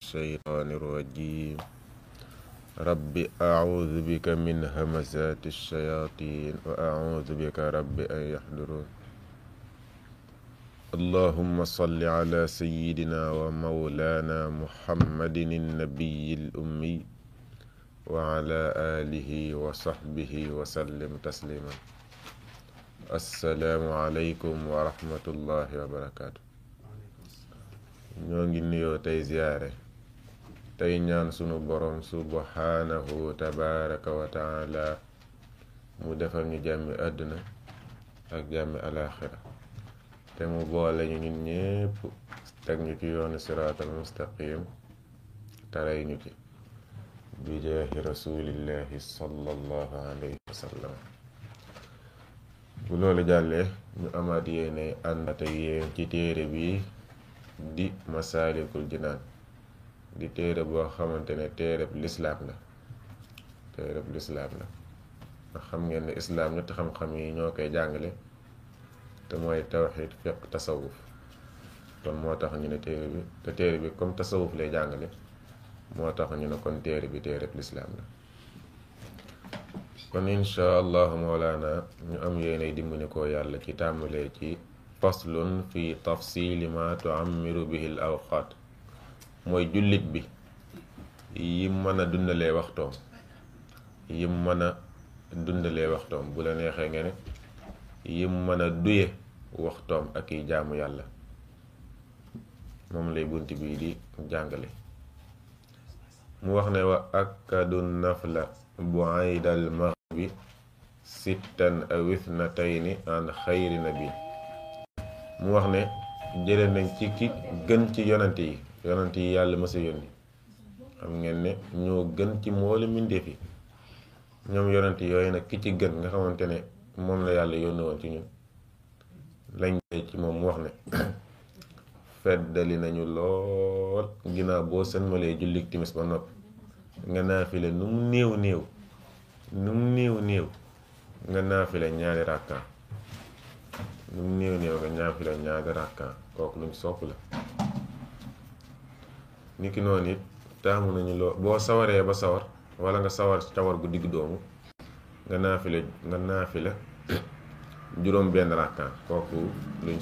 الشيطان الرجيم رب أعوذ بك من همزات الشياطين وأعوذ بك رب أن يحضرون اللهم صل على سيدنا ومولانا محمد النبي الأمي وعلى آله وصحبه وسلم تسليما السلام عليكم ورحمة الله وبركاته ñoo ngi nuyoo tey ziyaare tey ñaan sunu borom subhanahu tabaraka wa taala mu defal ñu jàmmi àdduna ak jàmmi alaxira te mu boole ñu ñun ñépp teg ñu ci yoonu siraatal mustaqim taray ñu ci bi jaahi rasulillahi sallallahu alayhi wa bu loolu jàllee ñu amaat yéene àndate yéen ci téere bi di masaalikul jinaan di téere boo xamante ne téere téereb lislaam la téereb lislaam la ndax xam ngeen ne islaam ñetti xam-xam yi ñoo koy jàngale te mooy tawxiid fiq tasawuf kon moo tax ñu ne téere bi téere bi lay jàngale moo tax ñu ne téere bi téereb lislaam la kon insha allahu moolaana ñu am yéene dimbali ko yàlla ci tàmbalee ci faslun fi tafsili ma tuammiru bihi l awqaat mooy jullit bi yim mën a dundale waxtoom yim mën a dundale waxtoom bu la neexee nga ne yim mën a duye waxtoom ak i jaamu yàlla moom lay bunt bii di jàngale mu wax ne wa akkadu nafla bu aydal maghribi sittan aw ni an xayri nabi mu wax ne jële nañ ci ki gën ci yonante yi yonent yi yàlla mës a yónni xam ngeen ne ñoo gën ci mboole mbindeef yi ñoom yonent yooyu nag ki ci gën nga xamante ne moom la yàlla yónni woon ci ñun lañ ci moom mu wax ne feddali nañu lool ginnaaw boo sënmalee jullik timis ba noppi nga naafile nu mu néew néew nu mu néew néew nga naafile ñaari rakkaan nu mu néew néew nga naafile ñaari rakkaan kooku luñ sopp la niki noonu it taamu nañu boo sawaree ba sawar wala nga sawar sawar gu digg doomu nga naafile nga naafile juróom benn rakkaan kooku luñ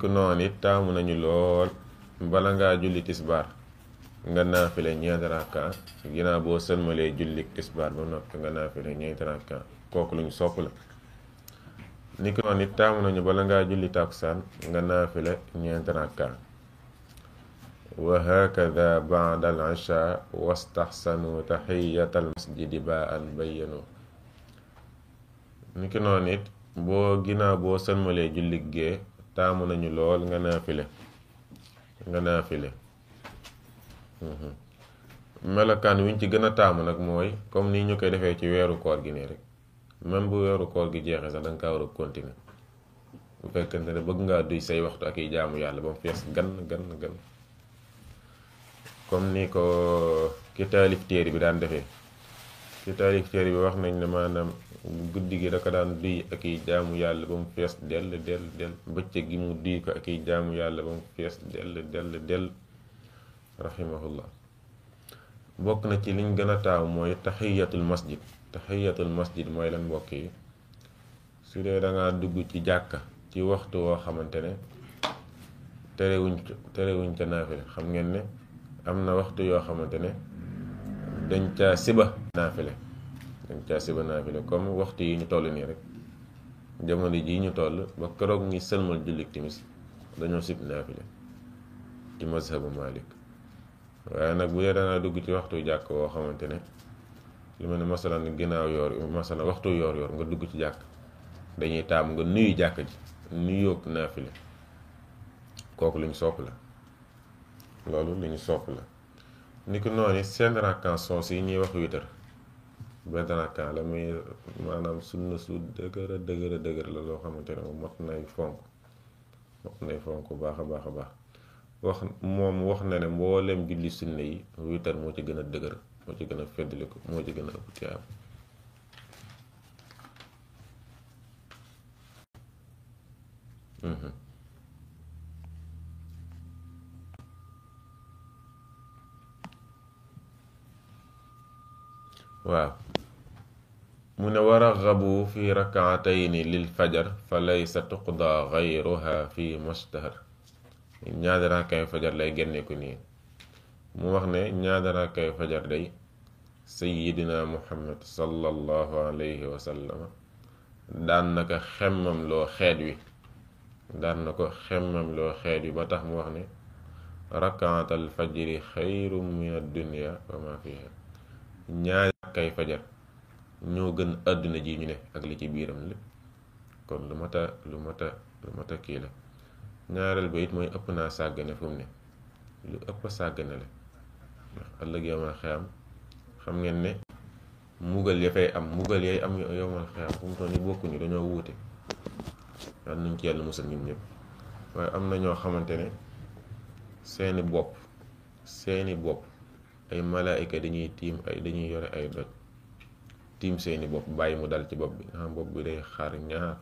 ko noon it taamu nañu lool bala ngaa julli tisbaar nga naafile ñeenti rakkaan ginnaaw boo sëlmalee julli tisbaar ba noppi nga naafile ñeenti rakkaan kooku luñ sopp la ni ko it taamu nañu bala ngaa julli takusaan nga naafila ñeent rakka wa hakada baada al isha wastaxsanu taxiyatal masjidi ba an bayyanu ni ki it boo ginnaaw boo sëlmalee julli gee taamu nañu lool nga naafile nga naafile mhm. melokaan wiñ ci gën a taamu nag mooy comme ni ñu koy defee ci weeru koor gi nii rek même bu weeru koor gi jeexee sax da nga kaa war a bu fekkente ne bëgg ngaa duy say waxtu ak i jaamu yàlla ba mu fees gan gan gan ko ki taalif bi daan defee ki taalif wax nañ ne maanaam guddi gi da daan duy ak i yàlla ba dell dell dell bëccëg gi mu duy ko ak i jaamu yàlla ba mu fees dell dell dell bokk na ci liñ gën a taaw mooy taxiyatul masjid taxiyatul masjid mooy lan mbokk yi su dee da dugg ci jàkka ci waxtu woo xamante ne terewuñ terewuñ ca naafila xam ngeen ne am na waxtu yoo xamante ne dañ caa siba naafile dañ caa siba naafile comme waxtu yi ñu toll nii rek jamono jii ñu toll ba keroog ngi sëlmal jullit timis dañoo sib naafile ci mazhabu Malik waaye nag bu dee da dugg ci waxtu jàkk woo xamante ne li mel ne masalan ginnaaw yoor masalan waxtu yoor yoor nga dugg ci jàkk dañuy taamu nga nuyu jàkk ji nuyoog naafile kooku lu ñu sopp la loolu lu ñu sopp la ni ko noonu seen rakkan soos yi ñuy wax witar benn rakkan la muy maanaam sunna su dëgëra dëgëra dëgër la loo xamante ne moom mot nay fonk mot nay fonk baax a baax a baax wax moom wax na ne mboolem julli sunna yi witar moo ci gën a dëgër moo ci mm-hmm. waaw mu ne wa raxabu fi rakaatayni lil fajar fa laysa tuqdaa gayruha fi mustahar ñaari rakaay fajar lay génne ko nii mu wax ne ñaari rakkay fajar day sayidina muhammad sallallahu alayhi wa sallam daan na ko xemmam loo xeet wi loo xeet wi ba tax mu wax ne rakkaatal fajri xayrum min addunia wa ma fiha ñaari rakkay fajar ñoo gën àdduna ji ñu ne ak li ci biiram lépp kon lu mata lu mata lu mata kii la ñaareel ba it mooy ëpp naa sàggane fu ne lu ëpp sàggane la ndax ëllëg yowmal xiyaam xam ngeen ne mugal ya fay am mugal yay am yowmal xiyaam fu mu toll nii bokkuñu dañoo wuute yal nañ ci yàlla musal ñun ñëpp waaye am na ñoo xamante ne seeni bopp seeni bopp ay malaayka dañuy tiim ay dañuy yore ay doj tiim seeni bopp bàyyi mu dal ci bopp bi nga xam bopp bi day xaar ñaar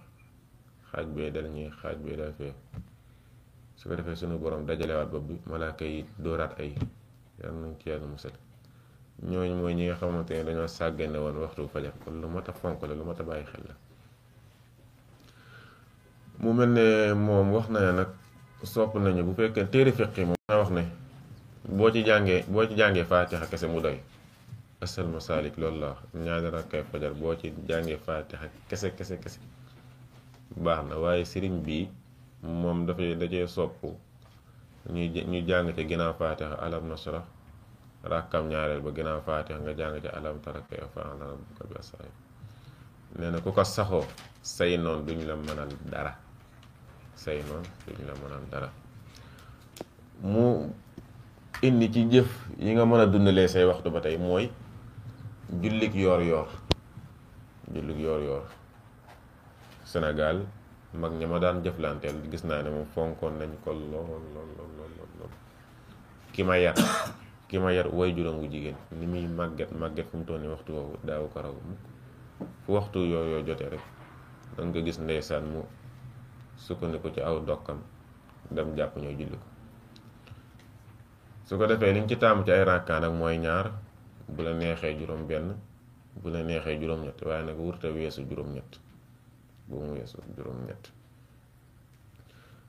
xaaj bee dal ñii xaaj bee dal fee su ko defee sunu borom dajalewaat bopp bi malaaka yi dóoraat ay yàlla nañ ci mu musal ñooñu mooy ñi nga xamante ne dañoo sàggane woon waxtu fajar kon lu mat a fonk la lu mat a bàyyi xel la mu mel ne moom wax na ne nag sopp nañu bu fekkee téere fiqi moom naa wax ne boo ci jàngee boo ci jàngee faatixa kese mu doy asal loolu la wax ñaari boo ci jàngee faatixa kese kese kese baax na waaye sëriñ bi moom dafay dajee sopp ñu ñu jàng ci ginnaaw faatiha alam nasrah rakkam ñaareel ba ginnaaw faatiha nga jàng ci alam tara kayfa fa'ala rabbuka bi ashaab nee na ku ko saxoo say noon duñ la mënal dara say noon duñ la mënal dara mu indi ci jëf yi nga mën a dundalee say waxtu ba tey mooy jullik yoor yoor jullik yoor yoor Sénégal mag ña ma daan jëflanteel gis naa ne moom fonkoon nañ ko lool lool lool ki ma yar ki ma yar woy juróom wu jigéen ni muy màgget màgget fu mu toll ni waxtu woowu daawu ko raw mukk fu waxtu yooyu jotee rek danga ko gis ndeysaan mu sukkandiku ci aw dokkam dem jàpp ñoo julli ko su ko defee liñ ci taamu ci ay rakkaa nag mooy ñaar bu la neexee juróom benn bu la neexee juróom-ñett waaye nag wurta weesu juróom-ñett bu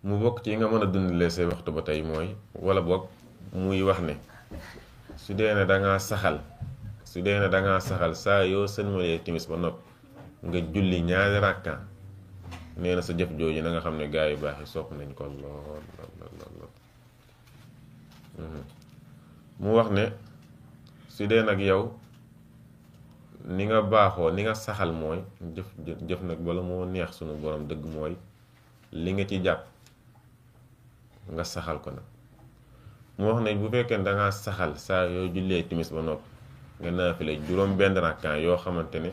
mu bokk ci nga mën a dundalee say waxtu ba tey mooy wala boog muy wax ne su dee ne da saxal su dee ne da saxal saa yoo sëlmalee timis ba nopp nga julli ñaari rakka nee na sa jëf jooju na nga xam ne gaa yu baax yi sopp nañ ko lool lool lool mhm. mu wax ne su dee nag yow. ni nga baaxoo li nga saxal mooy jëf jëf nag bala moo neex sunu boroom dëgg mooy li nga ci jàpp nga saxal ko nag moo wax ne bu fekkee da ngaa saxal saa yoo jullee timis ba nopp nga naafile juróom benn rakkaan yoo xamante ne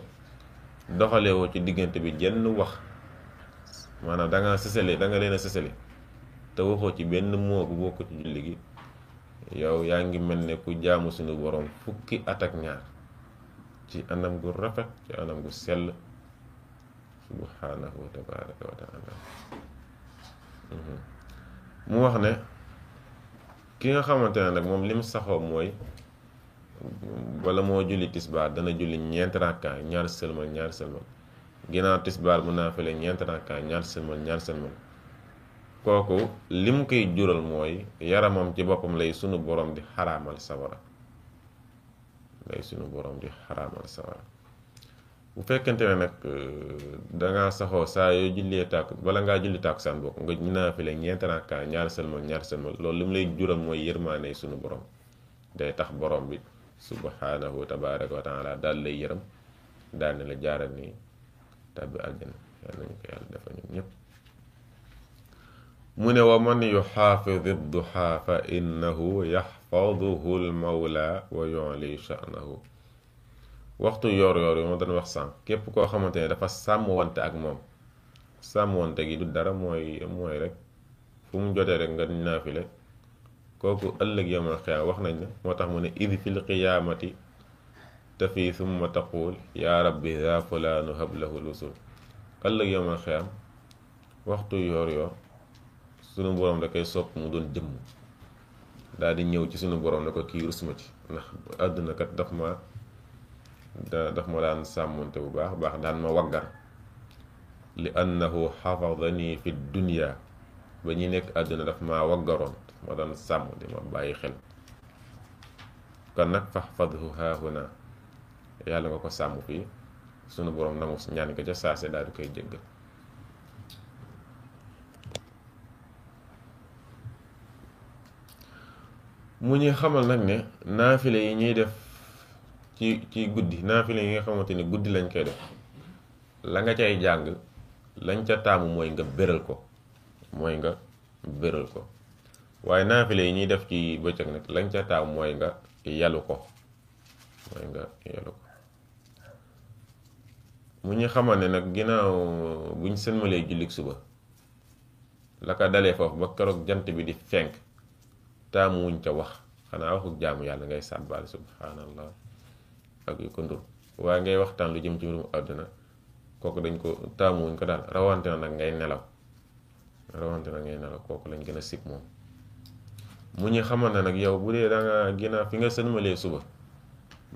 doxalewoo ci diggante bi jenn wax maanaam danga ngaa danga leen a sësale te waxoo ci benn moo bu bokk ci julli gi yow yaa ngi mel ne ku jaamu sunu borom fukki at ak ñaar. ci anam gu rafet ci anam gu sell subhaanahu wa mhm. mu wax ne ki nga xamante ne nag moom li mu saxoo mooy walla moo julli tisbaar dana julli ñeent rakkaa ñaar sëlmal ñaar sëlmal ginnaaw tisbaar mu naafile ñeent rakkaa ñaar sëlmal ñaar sëlmal kooku li mu koy jural mooy yaramam ci boppam lay sunu boroom di xaraamal sawara lay sunu borom di xaraamal sawara bu fekkente ne nag euh, dangaa saxoo saa yoo jullee tàkku bala ngaa julli tàkkusaan bokk nga naa fi la ñeenti rakkaa ñaar sëlmal ñaar sëlmal loolu li mu lay jural mooy yërmaane sunu borom day tax borom bi subhanahu wa tabaraka wa taala daal lay yërëm daal ne la jaaral nii tàbbi aljana nañu ko yàlla dafa ñun ñëpp mu ne wa man yuxaafid duhaa fa innahu yax yaxfaduhu lmawla wa yuli sha'nahu waxtu yoor yoor yi moo doon wax sànq képp koo xamante ne dafa sàmm wante ak moom sàmm wante gi du dara mooy mooy rek fu mu jotee rek nga naafile kooku ëllëg yamal xiyaam moo tax mu ne id fil qiyaamati tafi summa taqul yaa rabbi za fulaanu hablahu lusul ëllëg yamal xiyaam waxtu yoor yoor sunu boroom da koy sopp mu doon jëmm daal di ñëw ci suñu boroom ne ko kii rus ci ndax àdduna kat daf ma daf ma daan sàmmonte bu baax baax daan ma waggar li annahu xafadani fi dunya ba ñuy nekk àdduna daf ma waggaroon ma daan sàmm di ma bàyyi xel kon nag faxfadhu haahuna yàlla nga ko sàmm fii sunu borom namu ñaan ko ca saase daal di koy jéggal mu ñuy xamal nag ne naafilee yi ñuy def ci ci guddi naafile yi nga xamante ni guddi lañ koy la nga cay jàng lañ ca taamu mooy nga béral ko mooy nga béral ko waaye naafile yi ñuy def ci bëccëg nag lañ ca taamu mooy nga yalu ko mooy nga yalu ko mu ñu xamal ne nag ginnaaw buñ sënmalee jullik suba la ko dalee foofu ba keroog jant bi di fenk taamu wuñ ca wax xanaa waxuk jaamu yàlla ngay sàbbaal subhanallah ak yu ko ndur waaye ngay waxtaan lu jëm ci mbirum àdduna kooku dañ ko taamu wuñ ko daal rawante nag ngay nelaw rawante na ngay nelaw kooku lañ gën a sib moom mu ñu xamal ne nag yow bu dee danga ginnaaw fi nga sënmalee suba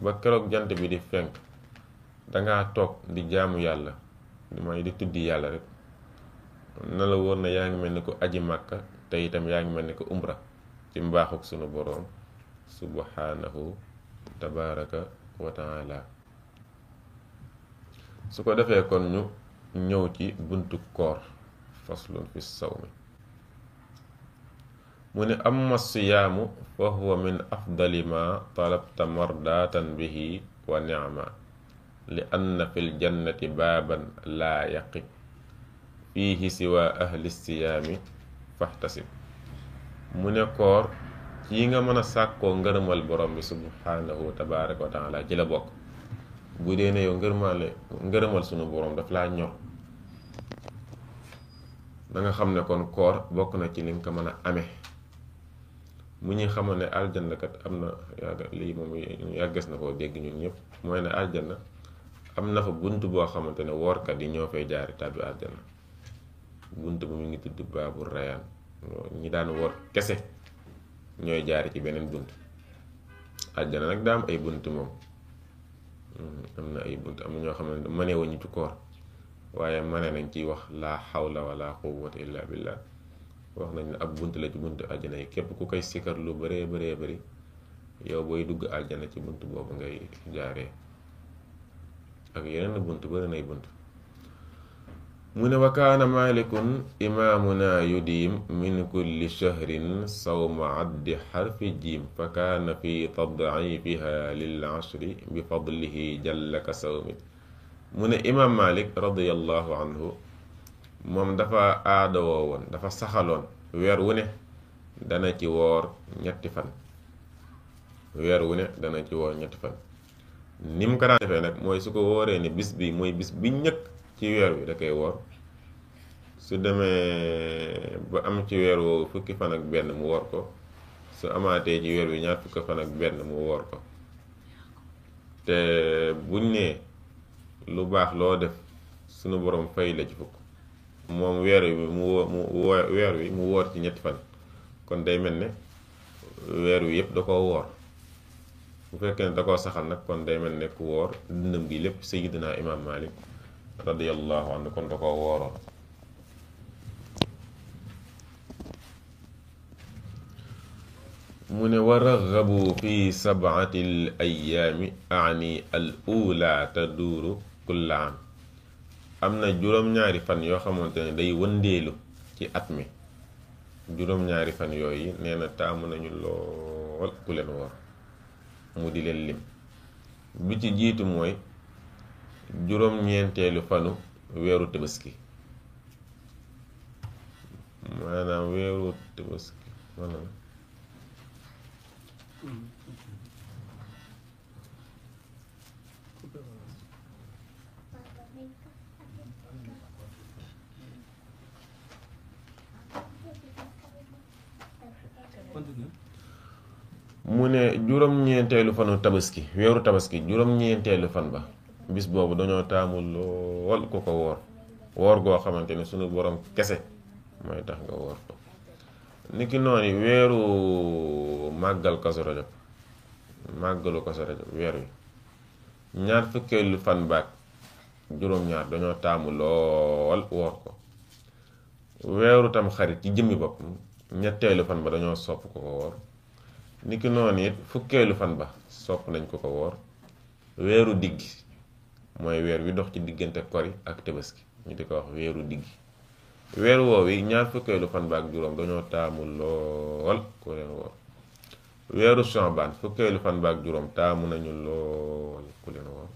ba keroog jant bi di fenk dangaa toog di jaamu yàlla mooy di tuddi yàlla rek na la wóor na yaa ngi mel ni ko aji màkk te itam yaa ngi mel ni ko umra ci mbaaxuk sunu boroom subhanahu tabaraka wa taala su ko defee kon ñu ñëw ci buntu koor faslun fi sawmi mu ne amma siyaamu fa huwa min afdali ma talabta mardatan bihi wa nicma li anna fi ljannati baaban laa yaqib fiihi siwa ahli siyaami faxtasib mu ne koor ci nga mën a sàkkoo ngërëmal borom bi subhaanahu tabaaraka wa taala ci la bokk bu dee ne yow ngërëmale ngërëmal sunu borom daf laa ñor na nga xam ne kon koor bokk na ci li nga ko mën a ame mu ñuy xamoon ne aljanna kat am na yàgg lii moom yàgges na koo dégg ñun ñëpp mooy ne aljanna am na fa bunt boo xamante ne woorkat yi ñoo fay jaari tàbbi aljanna bunt bu mu ngi tudd baabu rayaan ñi daan woor kese ñooy jaari ci beneen bunt àjjana nag daa am ay bunt moom mm-hmm. am na ay bunt am na ñoo xam ne mënewuñu ci koor waaye mëne nañ ciy wax laa xawla wala quwwata illa billah wax nañ ne ab bunt la ci bunt àjjana yi képp ku koy sikar lu bëree bëree bari yow booy dugg àjjana ci bunt boobu ngay jaaree ak yeneen bunt bëri nay bunt mu ne wa kaana malikun imaamuna yudiim min kulli shahrin sawma addi xarfi ne imaam malik dafa aadawoo woon dafa saxaloon weer wu ne dana ci woor ñetti fan weer wu ne dana ci woor ñetti defee nag mooy su ko wooree ne bis bi mooy bis bi njëkk ci weer wi da koy woor su demee ba am ci weer woowu fukki fan ak benn mu woor ko su amaatee ci weer wi ñaar fukki fan ak benn mu woor ko te buñ ne lu baax loo def sunu boroom fay la ci fukk moom weer wi mu mu weer woor ci ñetti fan kon day mel ne weer wi yëpp da koo woor bu fekkee ne da koo saxal nag kon day mel ne ku woor dundam gi lépp Sayyidina Imaam Maalik radiyallahu anhu kon wooroon mu ne wa raghabu fi sab'ati al ayaami ani al ula taduuru am na juróom-ñaari fan yoo xamante ne day wëndeelu ci at mi juróom-ñaari fan yooyu nee taamu nañu lool ku leen woor mu di leen lim bi ci jiitu mooy juróom-ñeenteelu fanu weeru tabaski maanaam weeru tabaski maanaam mu ne juróom-ñeenteelu fanu tabaski weeru tabaski juróom-ñeenteelu fan ba bis boobu dañoo taamu lool ku ko woor woor goo xamante ni suñu borom kese mooy tax nga woor ko weeru màggal Kazu màggalu Kazu weer wi ñaar fukkeelu fan dañoo taamu lool woor ko weeru ci jëmmi bopp ñetteelu fan dañoo sopp ko niki noonu it fukkeelu fan ba sopp nañ ko ko woor weeru diggi mooy weer wi dox ci diggante kori ak tabaski ñu di ko wax weeru diggi weer woow yi ñaar fukkeelu fan ba ak juróom dañoo taamu lool ku leen woor weeru chambaan ba juróom taamu nañu lool ku leen woor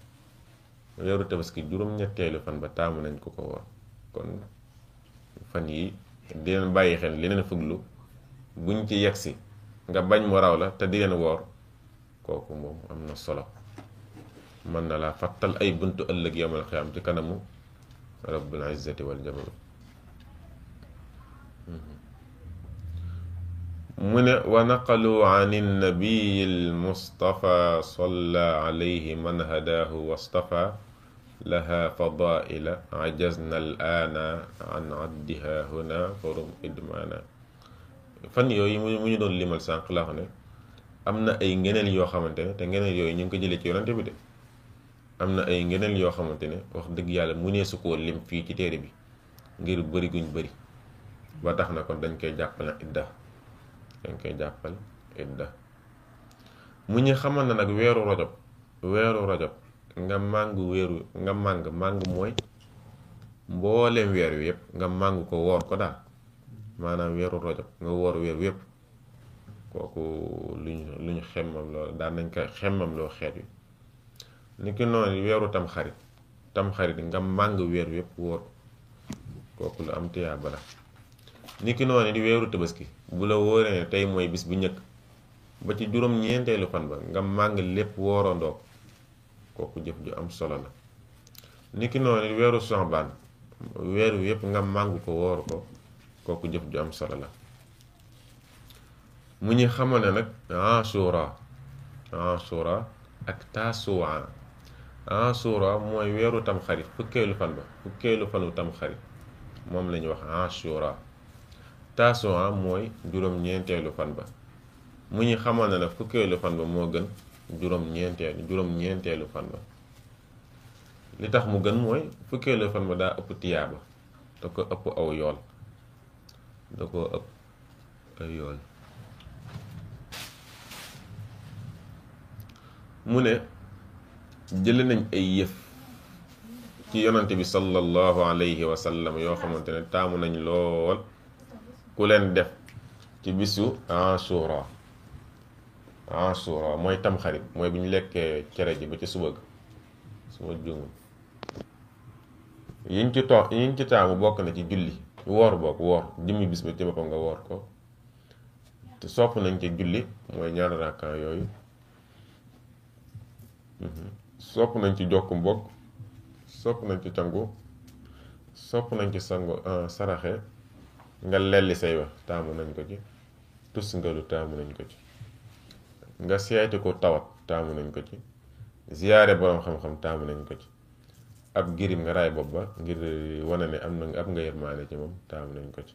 weeru fan ba taamu nañ ko ko woor kon fan yi di leen bàyyi xel li leen fuglu buñ ci yegsi nga bañ mu raw la te di leen woor kooku moom am na solo mën na laa fàttal ay buntu ëllëg yawmal xiyaam ci kanamu rabbul izzati wal jamaal mu ne wa naqalu an nabiyi almustafa salla alayhi man hadaahu wastafa laha fadaila ajazna al aana an addiha huna forum idmaana fan yooyu mu ñu doon limal sànq laa xam ne am na ay ngeneel yoo xamante ne te ngeneel yooyu ñu ngi ko jëlee ci yonante bi de am na ay ngeneen yoo xamante ne wax dëgg yàlla mu nee su ko lim fii ci téere bi ngir bëri guñ bëri ba tax na ko dañ koy jàppal idda dañ koy jàppal idda mu ñu xamal na nag weeru rajab weeru rajab nga màng weeru nga màng màng mooy mbooleem weer wi yëpp nga màng ko woor ko daal maanaam weeru rajab nga woor weer wi yëpp kooku luñ luñ xemmam loo daan nañ ko xemmam loo xeet wi ni ki noonu weeru tam xarit tam xarit nga màng weer yépp wóor kooku lu am tiyaaba la ni ki noonu di weeru tabaski bu la wóoree ne tey mooy bis bu njëkk ba ci juróom ñeenteelu fan ba nga màng lépp wóorandoo kooku am solo la ni ki weeru yépp nga màng ko wóor ko kooku jëf ju am solo la mu ñu xamal ne nag Ashura Ashura ak Tasuwaa Ashura mooy weeru tamxarit fukkeelu fan ba fukkeelu fanu tamxarit moom la wax Ashura Tasu'a mooy juróom-ñeenteelu fan ba mu ñu xamal ne la fukkeelu fan ba moo gën juróom-ñeenteelu fan ba li tax mu gën mooy fukkeelu fan ba daa ëpp tiyaaba da ko ëpp aw yool da ko ëpp aw yool mu ne jële nañ ay yëf ci yonante bi sallallahu alayhi wa sallam yoo xamante ne taamu nañ lool ku leen def ci bisu Ashura Ashura mooy tamxarit mooy bu ñu lekkee cere ji ba ca suba ga suma jumul yiñ ci to yiñ ci taamu bokk na ci julli woor bokk woor jëmmi bis ba ci boppam nga woor ko te sopp nañ ci julli mooy ñaar rakkaan yooyu mhm. sopp nañ ci jokk mbokk sopp nañ ci cangu sopp nañ ci sangu euh, saraxe nga lelli say wax taamu nañ ko ci tus nga lu taamu nañ ko ci nga seeti ko tawat taamu nañ ko ci ziyaare boroom xam-xam taamu nañ ko ci ab girim nga raay bopp ba ngir wane ne am na ab nga yërmaane ci moom taamu nañ ko ci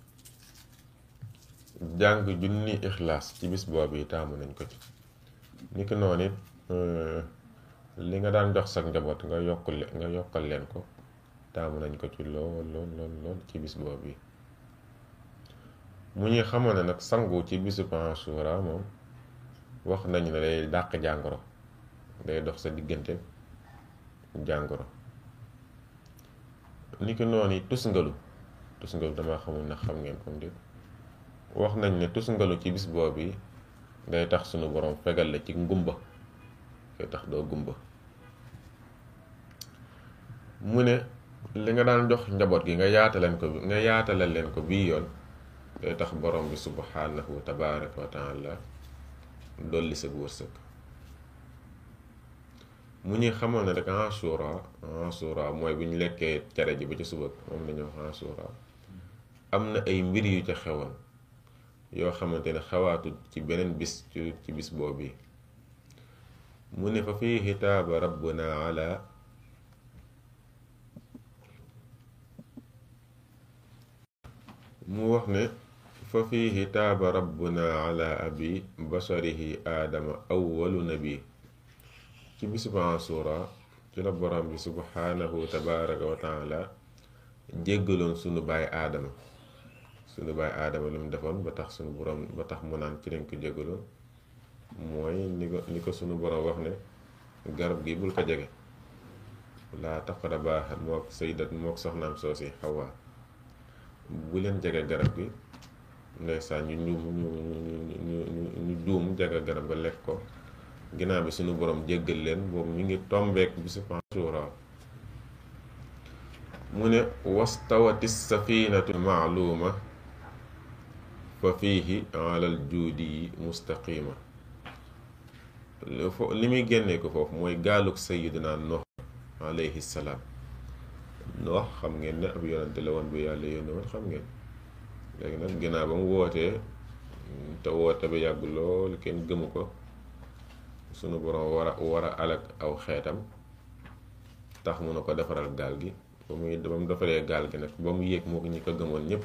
jàng junni ixlaas ci bis boobu yi taamu nañ ko ci niki noonu it euh, li nga daan jox sa njaboot nga yokk nga yokkal leen ko taamu nañ ko ci lool lool lool ci bis boobu yi mu ñuy xamoon ne nag sangu ci bisu Ashura moom wax nañ ne day dàq jàngoro day dox sa diggante jàngoro ni ki noonu yi tusngalu tusngalu damaa xamul na xam ngeen ko ndéet wax nañ ne tusngalu ci bis boobu bi day tax sunu borom fegal la ci ngumba day tax doo gumba mu ne li nga daan jox njaboot gi nga yaataleen ko nga yaatale leen ko bii yoon day tax borom bi subhanahu wa tabaraka wa taala dolli sa wërsëg mu ñuy xamoon ne rek Ashura Ashura mooy bu ñu lekkee cere ji ba ci suba moom la ñu wax am na ay mbir yu ca xewoon yoo xamante ne xawaatu ci beneen bis ci bis boobu mu ne fa fii xitaaba rabbuna ala mu wax ne fa fiihi taaba rabbuna ala abi basharihi aadama awwalu bi ci bisu Mansuura ci la borom bi subhaanahu tabaraka wa taala jéggaloon sunu baay aadama sunu baay aadama lu mu defoon ba tax sunu borom ba tax mu naan ci lañ ko jéggaloon mooy ni ko sunu borom wax ne garab gi bul ko jege laa taqrabaa moo ak sayyidat moo ak soxnaam soosi Xawaa bu leen jege garab gi ndeysaan ñu ñu ñu ñu ñu juum garab ga lekk ko ginaaw bi suñu borom jéggal leen boobu mi ngi tombeek bisu Ashura mu ne wastawati safinatu maaluma fa fiihi alal juudi yi mustaqima li muy génnee ko foofu mooy gaaluk sayiduna Nuh alayhi salaam Noox xam ngeen ne ab yonante la woon bu yàlla yónni woon xam ngeen léegi nag ginnaaw ba mu wootee te woote ba yàgg lool kenn gëmu ko sunu borom war a war aw xeetam tax mu ne ko defaral gaal gi ba muy ba mu defaree gaal gi nag ba mu yéeg moo ko ñi ko gëmoon ñëpp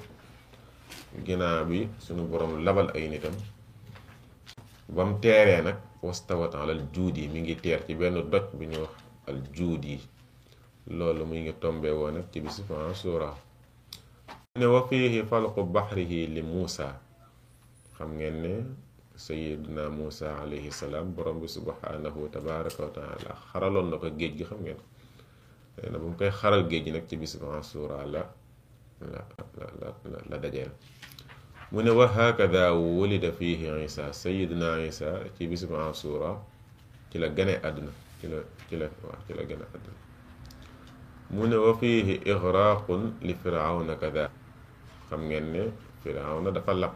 ginnaaw bi sunu borom labal ay nitam ba mu teeree nag wastawat alal juudi mi ngi teer ci benn doj bu ñuy wax al yi loolu mu ngi tombe woon ak ci bisu Ashura ne wa fiihi falqu baxrihi li Muusa xam ngeen ne sayidna Muusa alayhi salaam borom bi subhaanahu tabaraka wa taala xaraloon na ko géej gi xam ngeen nee na bu mu koy xaral géej gi nag ci bisu Ashura la la la la dajeel mu ne wa hakada wulida fiihi Isa sayidna Isa ci bisu Ashura ci la gane àdduna ci la ci la waaw ci la gane àdduna mu ne wa fiihi igraqun li firawna kada xam ngeen ne firawna dafa lab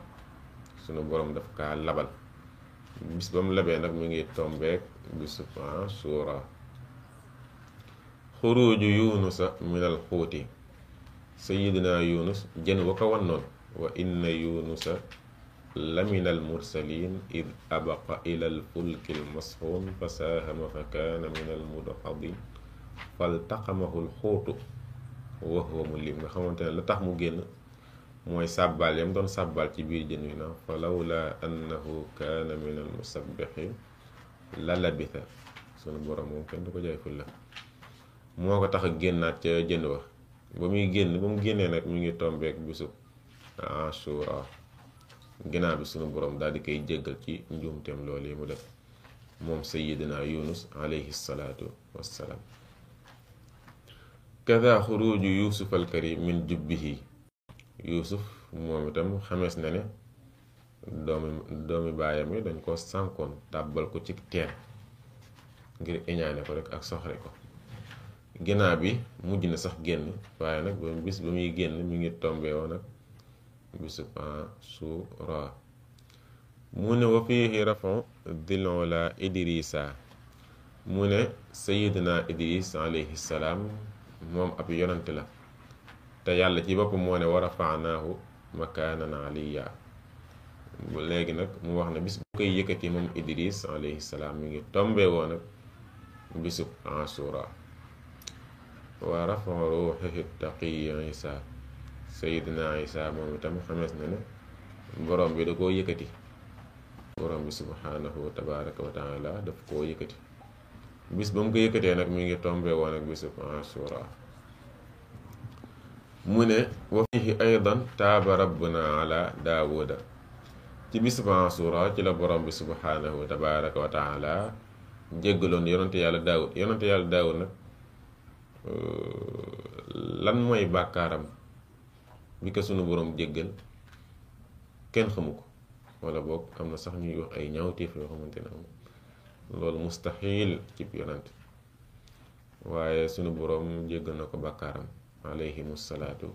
sunu borom dafa ka labal bis ba mu labee nag mu ngi tombeek bisu ah suura xuruju yunusa min al xuuti yunus jën wa ko wa inna yunusa لمن المرسلين إذ أبق إلى الفلك المصحون فساهم فكان من المدحضين fal taqamahul xóotu wax mu lim nga xamante ne la tax mu génn mooy sàbbaal yam doon sàbbaal ci biir jën wi na fa lawla annahu kaana musabbixin la sunu borom moom kenn du ko jaay fulla moo ko tax a génnaat ca jën wa ba muy génn ba mu génnee nag mu ngi tombeek bisu ashura ginnaaw bi sunu borom daal di koy jéggal ci njuumteem loolu yi mu def moom sayyidina yunus alayhi salaatu wassalaam kada xuruju yusuf alkarim min jubbihi yusuf moom itam xamees na ne doomi doomi baayam yi dañ koo sànkoon tàbbal ko ci teen ngir iñaane ko rek ak soxre ko ginnaaw bi mujj na sax génn waaye nag ba muy génn mi ngi tombee woon ak bisu Ashura mu ne wa fiihi rafon dilon la idrisa mu ne sayidina idris alayhi moom ab yonent la te yàlla ci boppam moo ne wa rafaanaahu makaanan aliya léegi nag mu wax na bis bu koy yëkkati moom Idris alayhi salaam mi ngi tombe woon ak bisub Ashura wa rafa moom itam xamees na ne borom bi da koo yëkkati borom bi subhaanahu wa tabaraka daf koo yëkkati bis ba mu ko yëkkatee nag mu ngi tombé woon ak bisub ashura mu ne wa fihi aydan taaba rabbuna ala daawuda ci bisub ashura ci la borom bi subhaanahu tabaraka wa taala jéggaloon yonante yàlla daawud yonante yàlla daawud nag euh, lan mooy bàkkaaram bi ko sunu borom jéggal kenn xamu ko wala boog am na sax ñuy wax ay ñaawteef yoo xamante ne amul loolu mustaxil cib yonent waaye sunu boroom jéggal na ko bàkkaaram alayhimu salaatu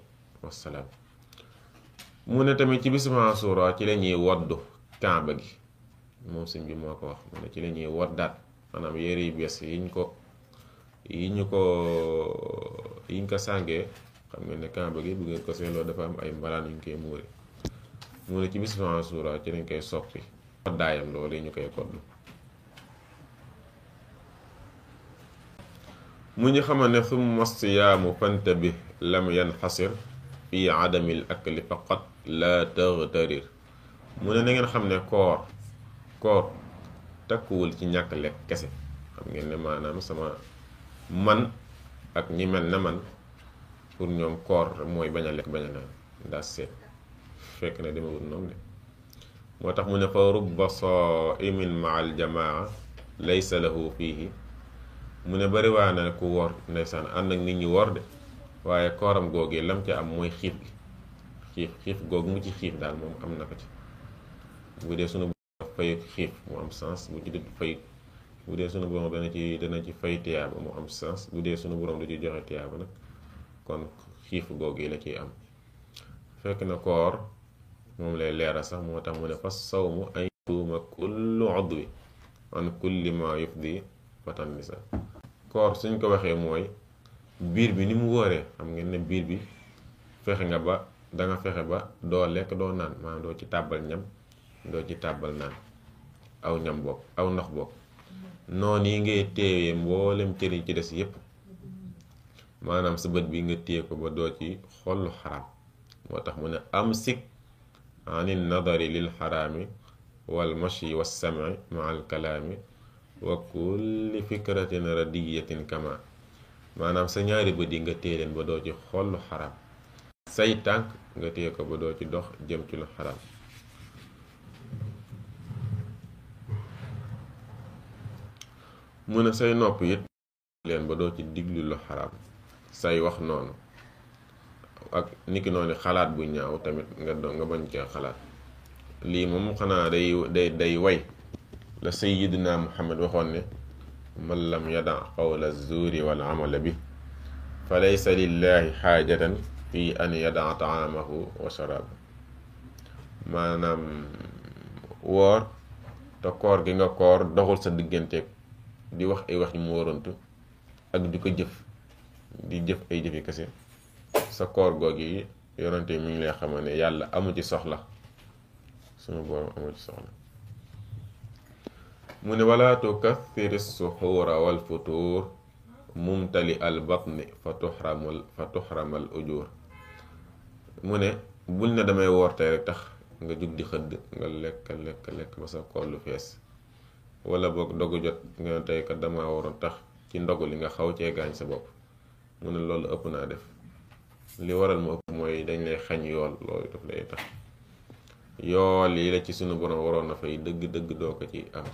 wassalaam mu ne tamit ci bisu Masuura ci la ñuy woddu kaaba gi moom sëñ bi moo ko wax ci la ñuy woddaat maanaam yére yu bees yiñ ko yi ñu ko yiñ ko sàngee xam nga ne kaaba gi bu ngeen ko seetloo ay mbalaan yu ñu koy muure ci bisu Masuura ci lañ koy soppi woddaayam loolu yi ñu koy koddu mu ñu xamal ne summa siyaamu fanta bi lam yanxasir fii adamil akli faqat la taxtarir mu ne na ngeen xam ne koor koor takkuwul ci ñàkk lekk kese xam ngeen ne maanaam sama man ak ñi mel na man pour ñoom koor mooy bañ a lekk bañ a naan daa seet fekk na demewul noonu moo tax mu ne fa rubba saimin maa aljamaa laysa lahu fiihi mu ne bari waa na ku woor ndeysaan ànd ak nit ñi woor de waaye kooram googee lam ca am mooy xiif gi xiif xiif googu mu ci xiif daal moom am na ko ci bu dee sunu borom mu am sens bu ci fay bu dee sunu borom dana ci dana ci fay tiyaaba mu am sens bu dee sunu borom du ci joxe tiyaaba nag kon xiif googu la ciy am fekk na koor moom lay leeral sax moo tax mu ne fas sawmu an yuuma kullu udwi an kulli ma yufdi watan bi sax koor suñ ko waxee mooy biir bi ni mu wóoree xam ngeen ne biir bi fexe nga ba da fexe ba doo lekk doo naan maanaam doo ci tàbbal ñam doo ci tàbbal naan aw ñam bopp aw ndox bopp noonu yi ngay téewee mboolem cër yi ci des yépp maanaam sa bët bi nga téye ko ba doo ci xollu lu xaraam moo tax mu ne amsik anil nadari lil xaraami wal mashi was sami ma al kalaami wa kulli fikratin radiyatin kama maanaam sa ñaari bët yi nga téye ba doo ci xool lu xaraam say tànk nga téye ko ba doo ci dox jëm ci lu xaraam mu ne say nopp it leen ba doo ci diglu lu xaraam say wax noonu ak niki noonu xalaat bu ñaaw tamit nga do nga bañ cee xalaat lii moom xanaa day day day way la sayidina muhammad waxoon ne man lam yada qawla zuuri wal amala bi fa laysa lillahi xaajatan fi an yada taamahu wa sharaaba maanaam woor te koor gi nga koor doxul sa digganteeg di wax ay wax yu mu warantu ak di ko jëf di jëf ay jëfi kese sa koor googu yi yorante mi ngi lay xamal ne yàlla amul ci soxla sunu borom amu ci soxla mu ne wala tukathir suxuura wal futuur mumtali al batni fa tuxramal fa tuxramal ujur mu ne bul ne damay woor tey tax nga jug di xëdd nga lekk lekk lekk ba sa kollu fees wala boog dogu jot nga ne tey kat damaa waroon tax ci ndogu li nga xaw cee gaañ sa bopp mu ne loolu ëpp naa def li waral ma ëpp mooy dañ lay xañ yool loolu daf lay tax yool yi la ci sunu borom waroon na fay dëgg dëgg doo ko ci am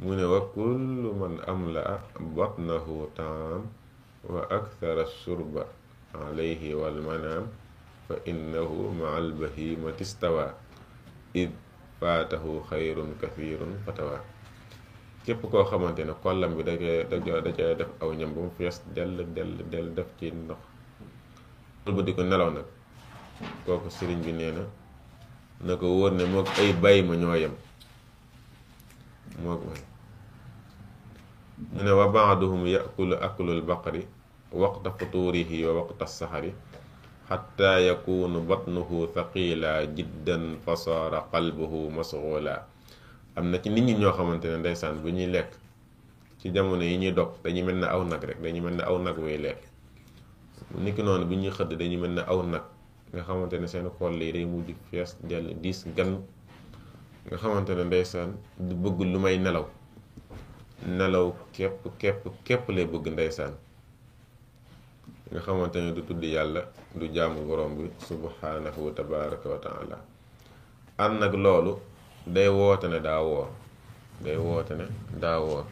mu ne wa kullu man amla batnahu taam wa akthara surba alayhi walmanaam fa innahu maa albahimati stawa id faatahu xayrun kathirun fatawa képp koo xamante ne kollam bi da cee da def aw ñam ba mu fees dell dell def ci ndox ba di ko nelaw nag kooku sëriñ bi nee na na ko wóor ne mook ay bàyyi ma ñoo yem mook may mu ne wa baaduhum yakulu aklul baqari waqta xutuurihi wa waqta saxari xatta yakunu batnuhu thaqila jiddan fa saara qalbuhu masgula am na ci nit ñi ñoo xamante ne ndeysaan bu ñuy lekk ci jamono yi ñuy dog dañu mel ne aw nag rek dañuy mel ne aw nag way lekk niki noonu bu ñuy xëdd dañuy mel ne aw nag nga xamante ne seen xol yi day mujj fees jàll diis gan nga xamante ne ndeysaan du bëgg lu may nelaw nelaw képp képp képp lay bëgg ndeysaan nga xamante ne du tudd yàlla du jaamu borom bi subhanahu wa tabaraka wa nag loolu day woote ne daa woor day woote ne daa woor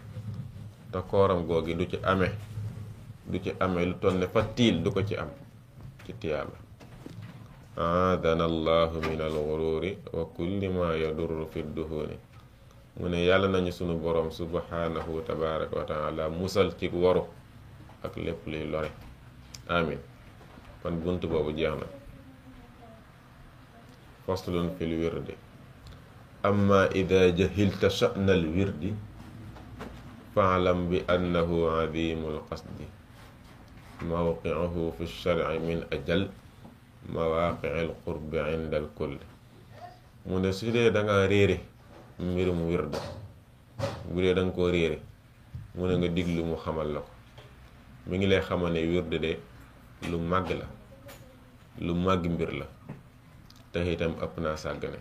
te kooram du ci ame du ci amee lu toll ne fa tiil du ko ci am ci tiyaaba aadana min al gururi wa kulli ma yadurru fi duhuni mu ne yàlla nañu sunu boroom subhaanahu wa tabaraka wa taala musal ci waru ak lépp luy lore amin kon bunt boobu jeex na faslun fil wirdi amma ida jahilta sha'nal wirdi faalam bi annahu azimul qasdi mawqicuhu fi sharci min ajal mawaaqici l qurbi inda al kulli mu ne su dee danga réere mbirum wirda bu dee da nga koo mu ne nga diglu mu xamal la ko mu ngi lay xamal ne wirda de lu màgg la lu màgg mbir la te itam ëpp naa sàggane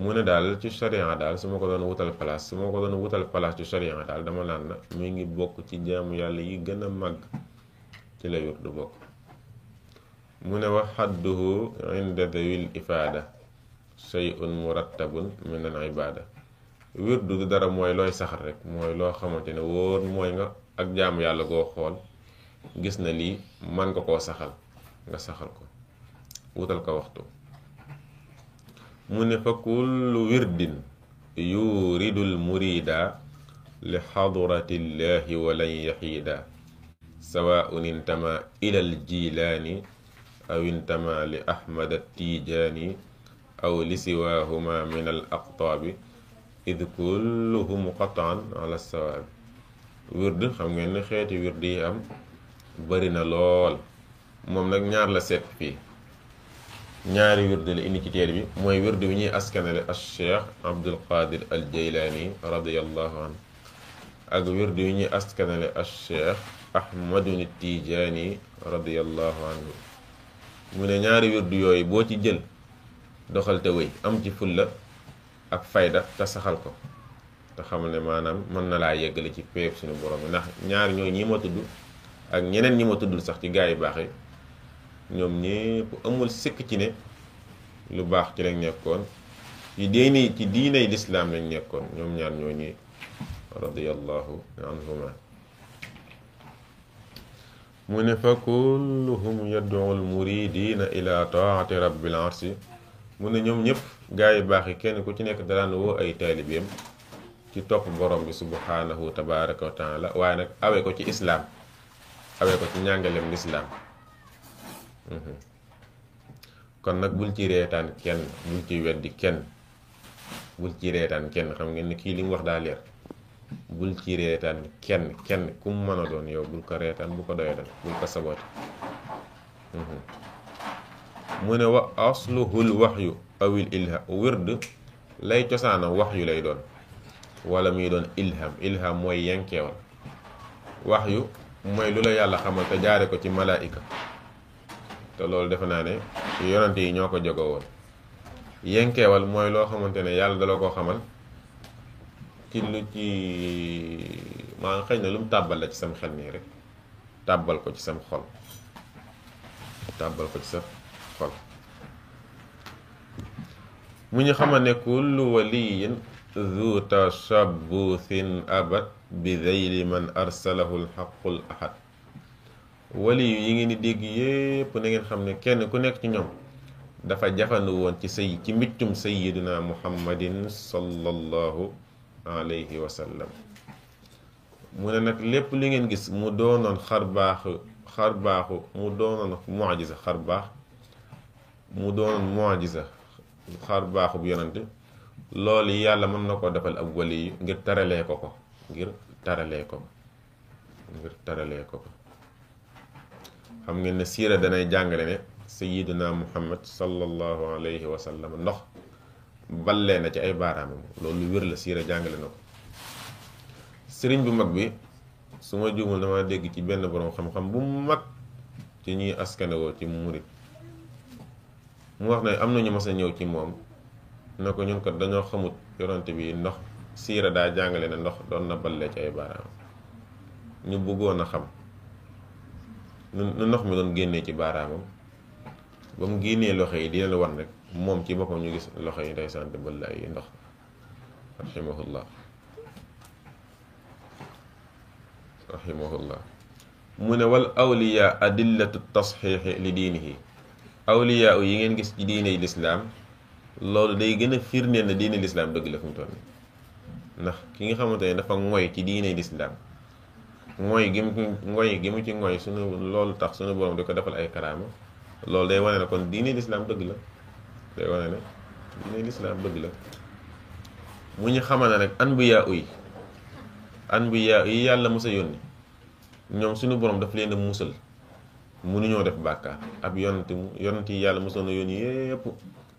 mu ne daal ci sharia daal su ma ko doon wutal place su ma ko doon wutal place ci sharia daal dama naan na mi ngi bokk ci jaamu yàlla yi gën a màgg ci la wirdu bokk mu ne wax xadduhu inda dawil ifaada shay'un murattabun min al wirdu du dara mooy looy saxar rek mooy loo xamante ne wóor mooy nga ak jaamu yàlla goo xool gis na lii man nga koo saxal nga saxal ko wutal ko waxtu mu ne fa kullu wirdin yuridul murida li xadratillahi walan yaxiida sawaun intama ila al aw intama li ahmad at aw li siwahuma min al aqtaabi id kulluhumu qataan ala sawaabi wird xam ngeen ne xeeti wird yi am bari na lool moom nag ñaar la seet fii ñaari wird la indi ci téer bi mooy wird bi ñuy askanale al cheikh abdul qadir al jaylaani yu ñuy askanale al cheikh ahmaduni tijaani radiallahu anhu mu ne ñaari wird yooyu boo ci jël doxal te am ci fulla ak fayda te saxal ko te xam ne maanaam mën na laa yeggale ci péeb suñu borom bi ndax ñaar ñooy ñi ma tudd ak ñeneen ñi ma tuddul sax ci gaa yi baax yi ñoom ñépp amul sikk ci ne lu baax ci lañ nekkoon ci diine ci diiney lislaam lañ nekkoon ñoom ñaar ñoo ñi radiyallahu anhuma mu ne fa kulluhum yad'u al muridina ila taati rabbil arsi mu ne ñoom ñëpp gars yi baax yi kenn ku ci nekk daraan woo ay taalibeem ci topp borom bi subhanahu tabaraka wa la waaye nag awee ko ci islaam awee ko ci ñàngaleem lislaam mhm. kon nag bul ci reetaan kenn bul ci weddi kenn reetaan kenn xam ngeen ne kii li mu wax daa leer bul ci reetaan kenn kenn ku mu mën a doon yow bul ko reetaan bu ko doyadal bul ko sabooti mhm. mu ne wa asluhul waxyu awil ilham wird lay wax yu lay doon wala muy doon ilham ilham mooy yenkeewal yu mooy lu la yàlla xamal te jaare ko ci malaayika te loolu defe naa ne yonante yi ñoo ko jogoo woon yenkeewal mooy loo xamante ne yàlla dala koo xamal ci lu ci maa xëy na lu mu tàbbal la ci sam xel nii rek tàbbal ko ci sam xol tàbbal ko ci sa kon mu ñu xamal ne kullu waliyin zu tashabbuthin abad bi zeyli man arsalahu alxaqul ahad wali yu yi ngeen di dégg yépp na ngeen xam ne kenn ku nekk ci ñoom dafa jafandu woon ci sëy ci mbiccum sayidina muhammadin sallallahu alayhi wa sallam mu ne nag lépp li ngeen gis mu doonoon xar baaxu xar baaxu mu doonoon mujiza xar baax mu doon mujiza xar baaxu bu yonante loolu yàlla mën na ko defal ab wali yi ngir taralee ko ko ngir taralee ko ko ngir taralee ko ko xam ngeen ne siira danay jàngale ne sayiduna muhammad sallallahu alayhi wa sallam ndox ballee na ci ay baaraamam loolu wér la siira jàngale na ko sëriñ bu mag bi su ma juumul dama dégg ci benn borom xam-xam bu mag ci ñuy askanewoo ci murit mu wax ne am na ñu mas ñëw ci moom ne ko ñun kat dañoo xamut yonante bi ndox siira daa jàngale na ndox doon na balle ci ay baaraam ñu bëggoon a xam nu ndox mi doon génnee ci baaraamam ba mu génnee loxo yi di leen wan rek moom ci boppam ñu gis loxo yi day sant bëll ay ndox rahimahullah rahimahullah mu ne wal awliya adillatu tasxiixi li diinihi awliyaa yi ngeen gis ci diine lislaam loolu day gën a firndeel na diine lislaam dëgg la fu mu ndax ki nga xamante ne dafa ngoy ci diine lislaam ngoy gi mu ci ngoy gi mu ci ngoy suñu loolu tax suñu borom di ko defal ay karaama loolu day wane ne kon diine lislaam dëgg la day wane ne diine lislaam dëgg la mu ñu xamal ne nag anbiyaa yi anbiyaa yàlla mos a yónni ñoom suñu borom daf leen musal mënuñoo def bàkkaar ab yonent yonent yi yàlla mosoon na yónni yépp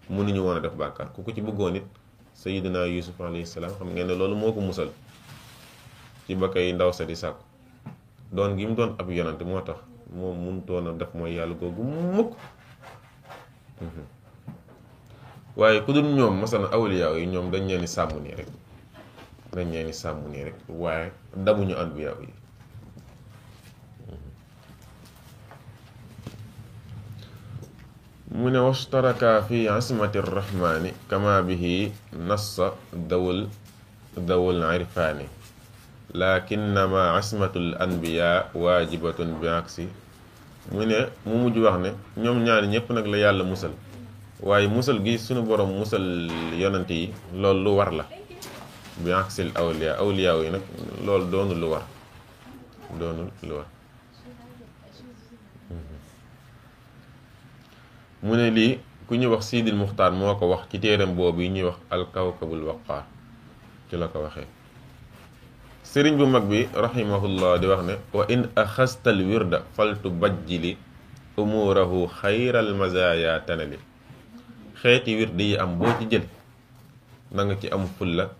mënuñu woon a def bàkkaar ku ko ci bëggoon it sayidina yusuf alayhi salaam xam ngeen ne loolu moo ko musal ci ba kay ndaw sa di sàkku doon gi mu doon ab yonent moo tax moom mënutoon a def mooy yàlla googu mukk waaye ku dul ñoom masalan awliya yi ñoom dañ leen di sàmm nii rek dañ leen di sàmm nii rek waaye dabuñu anbiya yi mu ne wastaraka fi asmati rahmaani kama bihi nassa dawul dawul irfaani lakinnama asmatul anbiya waajibatun bi aksi mu ne mu mujj wax ne ñoom ñaari ñëpp nag la yàlla musal waaye musal gis sunu borom musal yonent yi lool lu war la bi aksil awliya awliya yi nag loolu doonul lu war doonul lu war mu ne lii ku ñuy wax siidil muxtaar moo ko wax ci téeram boobu yi ñuy wax alkawkabul waqaar ci la ko waxee sëriñ bu mag bi rahimahullah di wax ne wa in axastal wirda faltu bajjili umuurahu xayral mazaaya tanali xeeti wird yi am boo ci jël na nga ci am fulla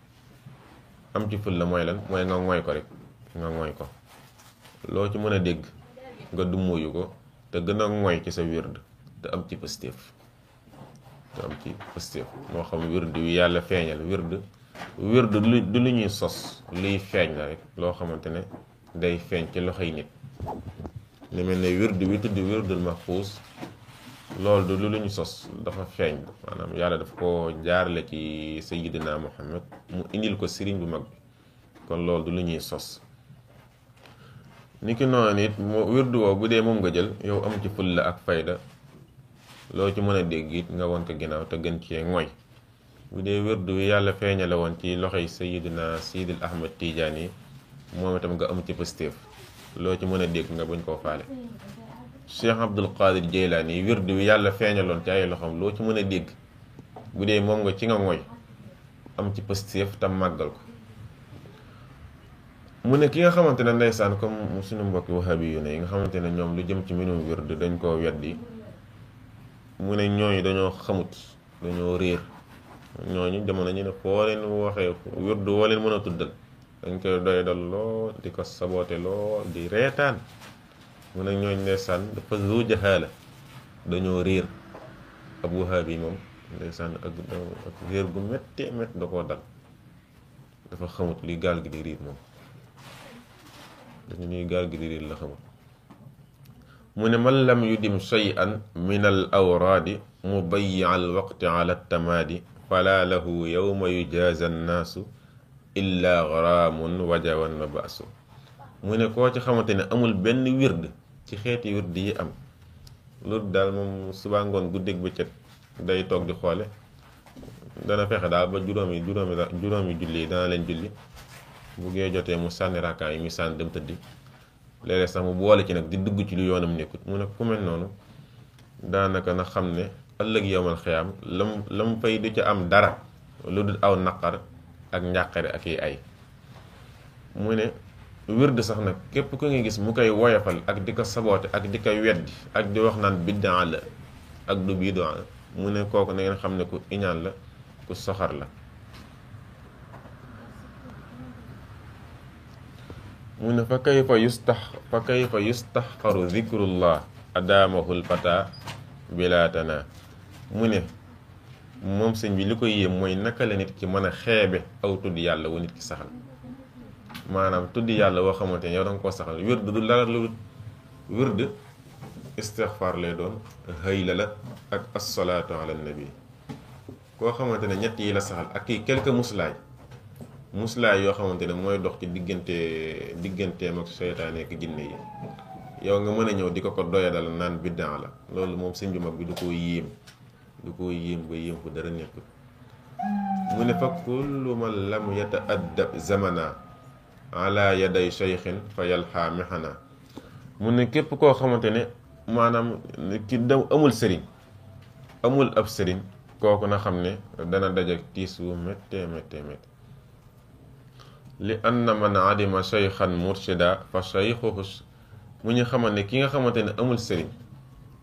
am ci fulla mooy lan mooy nga mooy ko rek nga mooy ko loo ci mën a dégg nga dummuyu ko te gën a mooy ci sa wird te am ci pastéef te am ci pastéef moo xam wird wi yàlla feeñal wérd wérd du lu ñuy sos luy feeñ la rek loo xamante ne day feeñ ci loxoy nit li mel ni wird wi tudd wérdul maxfuus loolu du lu lu sos dafa feeñ maanaam yàlla daf ko jaarale ci sayyidina Muhammad mu indil ko sëriñ bu mag kon loolu du lu ñuy sos niki noonu it moo woo bu dee moom nga jël yow am ci fulla ak fayda loo ci mën a dégg it nga won ko ginnaaw te gën cee mooy bu dee wérdu wi yàlla feeñale woon ci loxoy sayidina sayidil ahmad tiijaan yi moom itam nga am ci pëstéef loo ci mën a dégg nga buñ koo faale cheikh abdul qadir yi wérdu wi yàlla feeñaloon ci ay loxoom loo ci mën a dégg bu dee moom nga ci nga mooy am ci pëstéef tam màggal ko mu ne ki nga xamante ne ndeysaan comme suñu mbokki wahabi yu ne yi nga xamante ne ñoom lu jëm ci mbirum wérdu dañ koo weddi mu ne ñooñu dañoo xamut dañoo réer ñooñu jamono ñu ne foo leen waxee wirdu woo leen mën a tuddal dañ koy doy dal lool di ko saboote lool di reetaan mu ne ñooñu sànn dafa zu jaxaala dañoo réer ab wahaab yi moom ndeysaan ak ak réer gu méttee métt da koo dal dafa xamut li gaal gi di riir moom dañu ñuy gaal gi di riir la xamut mu ne man lam yudim shay'an min al awraadi mubayyi al waqti ala tamaadi fala lahu yowma yujaaza annaasu illa garaamun wajawan wa baasu mu ne koo ci xamante ni amul benn wird ci xeeti wird yi am loolu daal moom suba ngoon guddeeg bëccëg day toog di xoole dana fexe daal ba juróomi juróomi juróomi julli dana leen julli bu jotee mu sànni rakkaa yi muy sànni dem tëddi léeg sax mu boole ci nag di dugg ci lu yoonam nekkut mu ne ku mel noonu daanaka na xam ne ëllëg yowmal xiyaam la mu la mu fay du ca am dara lu dul aw naqar ak njàqare ak yi ay mu ne wird sax nag képp ku nga gis mu koy woyafal ak di ko saboote ak di ko weddi ak di wax naan biddaa la ak du bidaa mu ne kooku na ngeen xam ne ku iñaan la ku soxar la mu ne fa kayfa yustax fa kayfa yustaxqaru zikrullah adaamahul fata bilaatana mu ne moom sëñ bi li ko yéem mooy naka la nit ki mën a xeebe aw tudd yàlla wu nit ki saxal maanaam tudd yàlla woo xamante ne yow danga koo saxal wird du dara lu wird istixfaar lay doon hayla la ak assalaatu ala nabi koo xamante ne ñett yi la saxal ak kii quelque muslaay muslaay yoo xamante ne mooy dox ci diggante digganteem ak seytaane ak jinne yi yow nga mën a ñëw di ko ko doyadal naan biddan la loolu moom sëñ bu mag bi du ko yéem ko yéem ba yéem ko dara nekkul mu ne fa kullu man lam yata addab zamana ala yaday cheikhin fa yalxaa mexana mu ne képp koo xamante ne maanaam ki dem amul sëriñ amul ab sëriñ kooku na xam ne dana daje tiis wu méttee méttee méttee li anna man adima cheykhan mursida fa cheykhuhu mu ñu xamal ne ki nga xamante ne amul sëriñ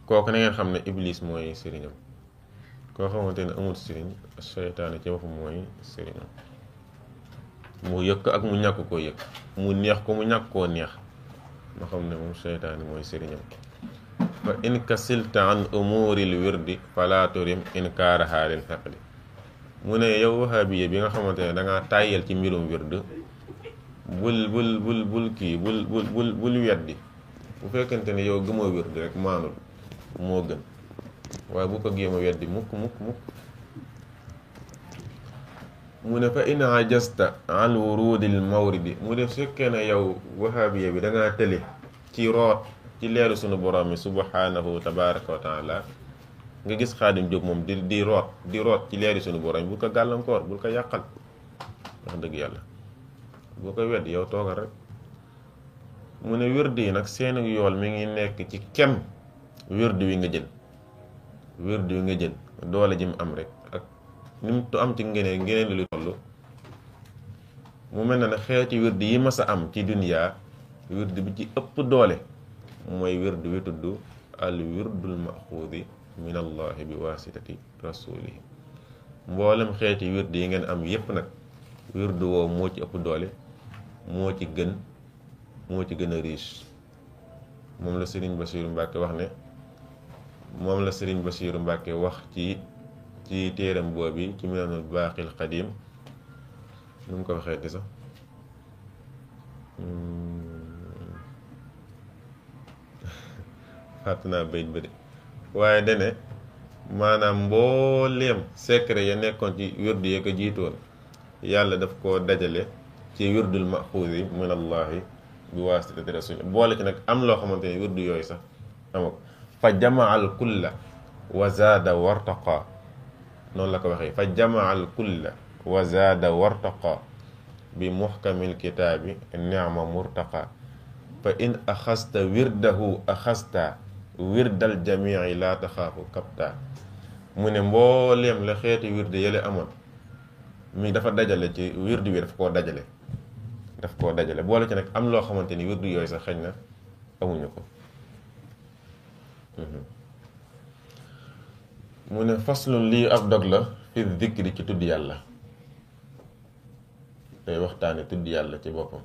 kooku na ngeen xam ne iblis mooy sëriñam koo xamante ni amul sëriñ seytaane ci boppam mooy sëriñam mu yëkk ak mu ñàkk koo yëkk mu neex ko mu ñàkk koo neex ma xam ne moom seytaane mooy sëriñam fa in kasilta an umuril wirdi fala turim in kaaraha lil xeqli mu ne yow wahabiye bi nga xamante ne danga tàyyel ci mbirum wird bul bul bul bul kii bul bul bul bul weddi bu fekkente ne yow gëmoo wér di rek maanul moo gën waaye bu ko géem a weddi mukk mukk mukk mu ne fa in ajasta an wurudil mawridi mu def fekkee ne yow wahaabiya bi dangaa tële ci root ci leeru sunu borom mi subhanahu tabaraka wa taala nga gis xaadim jóg moom di di root di root ci leeri sunu borom bu ko gàllankoor bul ko yàqal wax dëgg yàlla boo koy wedd yow toogal rek mu ne wird yi nag seen yool mi ngi nekk ci kem wird wi nga jël wird wi nga jël doole ji mu am rek ak ni mu am ci ngeneen ngeneen lu toll mu mel na ne xeeti wérd yi mas am ci duniyaa wird bi ci ëpp doole mooy wérd wi tudd al wirdul maxuudi min bi wasitati rasulihi mboolem xeeti wird yi ngeen am yépp nag wird woowu moo ci ëpp doole moo ci gën moo ci gën a riche moom la Serigne Bassirou Mbacke wax ne moom la Serigne Bassirou Mbacke wax ci ci téeram boobu ci Minanul Baaxil Xadim nu mu ko waxee di sax hmm. fàtt naa bayit ba de waaye dene maanaam mbooleem secret ya nekkoon ci wird ya ko jiitoon yàlla daf koo dajale ci wirdul maxuusi min allahi bi waasitati rasul boole ci nag am loo xamante ne wirdu yooyu sax amako fa jamaal kulla wa zaada wartaqa noonu la ko waxee fa jamaal kulla wa zaada wartaqa bi muxkamil kitaabi nicma murtaqa fa in axasta wirdahu axasta wirdal jamici laa taxaafu kapta mu ne mbooleem la xeeti wirde yële amoon mi dafa dajale ci wirdu bi dafa koo dajale daf koo dajale boole ci nag am loo xamante ni wirdu yooyu sa xëy na amuñu ko mhm. mu ne faslun lii ab dog la fi dikri ci tudd yàlla day waxtaane tudd yàlla ci boppam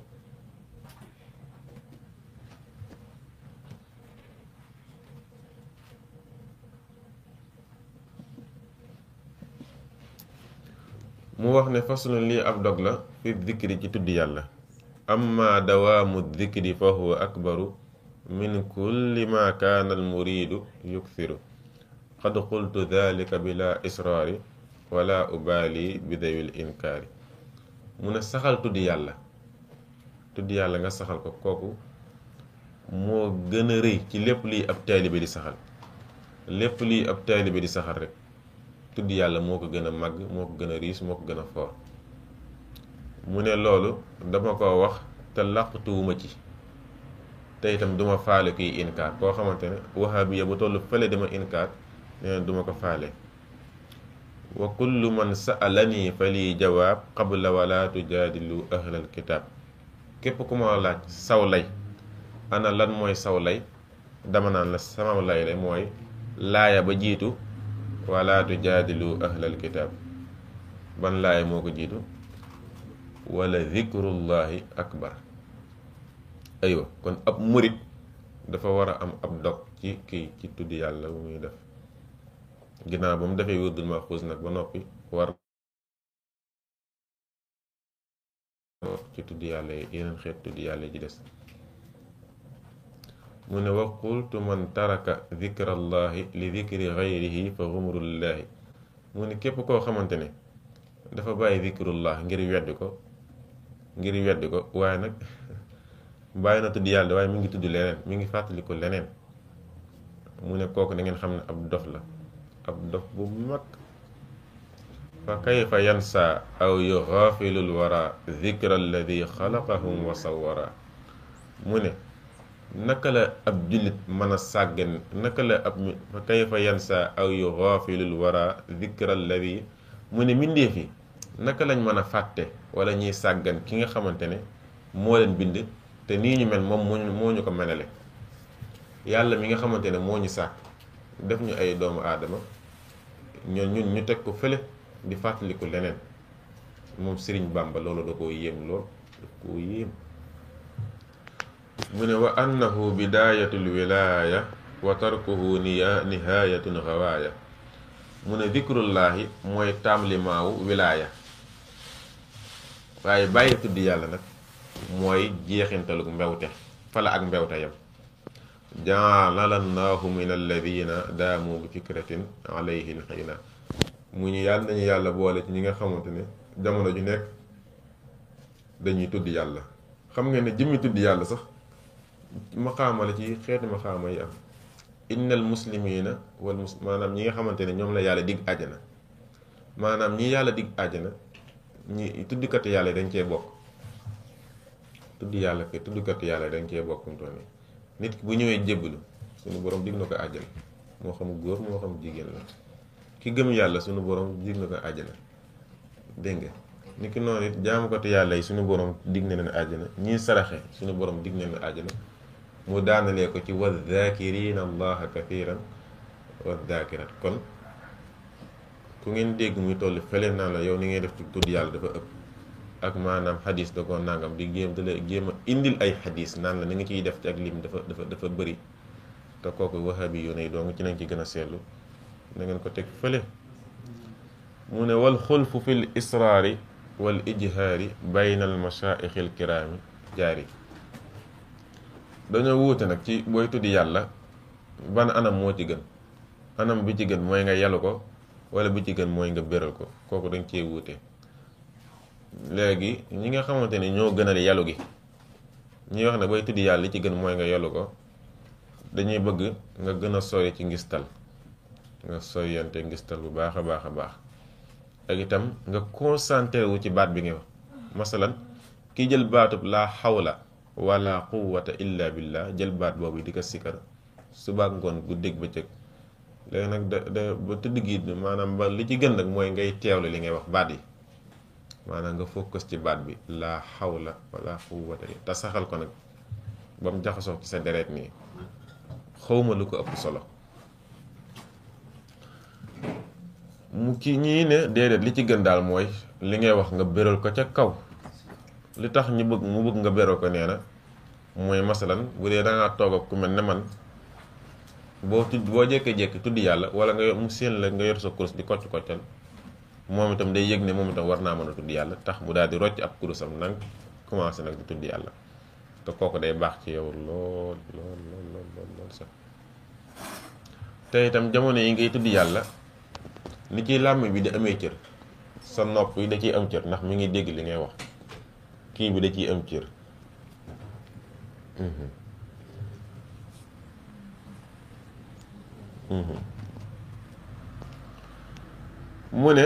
mu wax ne faslun lii ab dog la fi dikri ci tudd yàlla amma dawaamu dikri fa huwa akbaru min kulli ma kaana almuriidu yukthiru qad qultu dalika bila israari wala ubaali bi dawil inkaari mu saxal tudd yàlla tudd yàlla nga saxal ko kooku moo gën a rëy ci lépp lii ab taalibe di saxal lépp lii ab bi di saxal rek tudd yàlla moo ko gën a màgg moo ko gën a riis moo ko gën a foor mu ne loolu dama ko wax te làqtuwuma ci tey itam duma ma faale kuy inkaar koo xamante ne wahabiya bu toll fële dama inkaar nee na du ko faale wa kullu man sa'alani fa lii jawaab qabla wala tujaadilu ahlal kitaab képp ku ma laaj saw lay ana lan mooy saw lay dama naan la sama lay mooy laaya ba jiitu wala tujaadilu ahlal kitaab ban laaya moo ko jiitu wala zikrullahi akbar aywa kon ab murit dafa war a am ab dog ci kii ci tudd yàlla bu muy def ginnaaw ba mu defee wurdul maxuus nag ba noppi war ci tudd yàlla yi yeneen xeet tudd yàlla ji des mu ne wa qultu man taraka zikrallahi li zikri xayrihi fa xumrullaahi mu ne képp koo xamante ne dafa bàyyi zikrullah ngir weddi ko ngir weddi ko waaye nag bàyyi na tudd yàlla waaye mi ngi tudd leneen mi ngi fàttali ko leneen mu ne kooku da ngeen xam ne ab dof la ab dof bu mag fa kayfa yansa aw yu xaafilul wara la ab a sàggan naka la ab fa kayfa yansa aw yu xaafilul wara dikra alladi mu ne mbindeef yi naka lañ mën a fàtte wala ñuy sàggan ki nga xamante ne moo leen bind te nii ñu mel moom moo ñu ko melale yàlla mi nga xamante ne moo ñu sàkk def ñu ay doomu aadama ñoo ñun ñu teg ko fële di fàttaliku leneen moom sëriñ Bàmba loolu da koo yéem lool da koo yéem mu ne wa annahu bidayatul wilaya wa tarkuhu nihayatun xawaaya mu ne dikrullaahi mooy taamlimaawu wilaaya waaye bàyyi tudd yàlla nag mooy jeexintalu mbewte fala ak mbewte yam jaalallaahu min alladina daamu bi fikratin alayhi lxiina mu ñu yàlla nañu yàlla boole ci ñi nga xamante ne jamono ju nekk dañuy tudd yàlla xam nga ne jëmmi tudd yàlla sax maqaama la ci xeeti maqaama yi am innal muslimina wal mus maanaam ñi nga xamante ne ñoom la yàlla dig àjjana maanaam ñi yàlla dig àjjana ñi tuddkatu yàlla yi dañ cee bokk tudd yàlla kay tuddkatu yàlla dañ cee bokk mu nit bu ñëwee jébbalu suñu borom dig na ko àjjal moo xam góor moo xam jigéen la ki gëm yàlla suñu borom dig na ko àjjana dégg nga ni ki noonu it jaamukatu yàlla yi suñu borom dig na leen na ñii saraxe suñu borom dig na leen àjjana mu daanalee ko ci wa zaakiriina allaha kathiran wa kon ku ngeen dégg muy toll fele naa la yow ni ngay def ci tudd yàlla dafa ëpp ak maanaam xadis da ko nangam di géem da lay géem a indil ay xadis naan la ni nga ciy def ci ak lim dafa dafa dafa bëri te kooku bi yoon ne dong ci nañ ci gën a seetlu na ko teg fële mu ne wal xulfu fi l israari wal ijhaari bayna al mashaayixi al kiraami jaari dañoo wuute nag ci booy tudd yàlla ban anam moo ci gën anam bi ci gën mooy nga yalu ko wala bu ci gën mooy nga béral ko kooku dañ cee wuute léegi ñi nga xamante ni ñoo gënal yalu gi ñuy wax na booy tudd yàlla li ci gën mooy nga yalu ko dañuy bëgg nga gën a sori ci ngistal nga soriyante ngistal bu baax a baax a baax ak itam nga concentré wu ci baat bi nga masalan ki jël baatub laa xaw xawla wala quwwata illa billah jël baat boobu di ko su subaak ngoon guddeeg bëccëg léegi nag da da ba tëdd gi maanaam ba li ci gën nag mooy ngay teewlu li ngay wax baat yi maanaam nga focus ci baat bi laa xawla wala quwwata te saxal ko nag ba mu jaxasoo ci sa deret nii xawma lu ko ëpp solo mu ki ñii ne déedéet li ci gën daal mooy li ngay wax nga béral ko ca kaw li tax ñu bëgg mu bëgg nga béral ko nee na mooy masalan bu dee dangaa toog ak ku mel ne man boo tudd boo jékkee-jékki tudd yàlla wala nga mu séen la nga yor sa kurus di kocc-koccal moom itam day yëg ne moom itam war naa man a tudd yàlla tax mu daal di rocc ab kurusam nang commencé nag di tudd te kooku day baax ci yow lool lool lool lool itam jamono yi ngay tudd yàlla ni ciy làmm bi di amee cër sa nopp yi da ciy am cër ndax mi ngi dégg li ngay wax kii bi da ciy am cër mhm. mu ne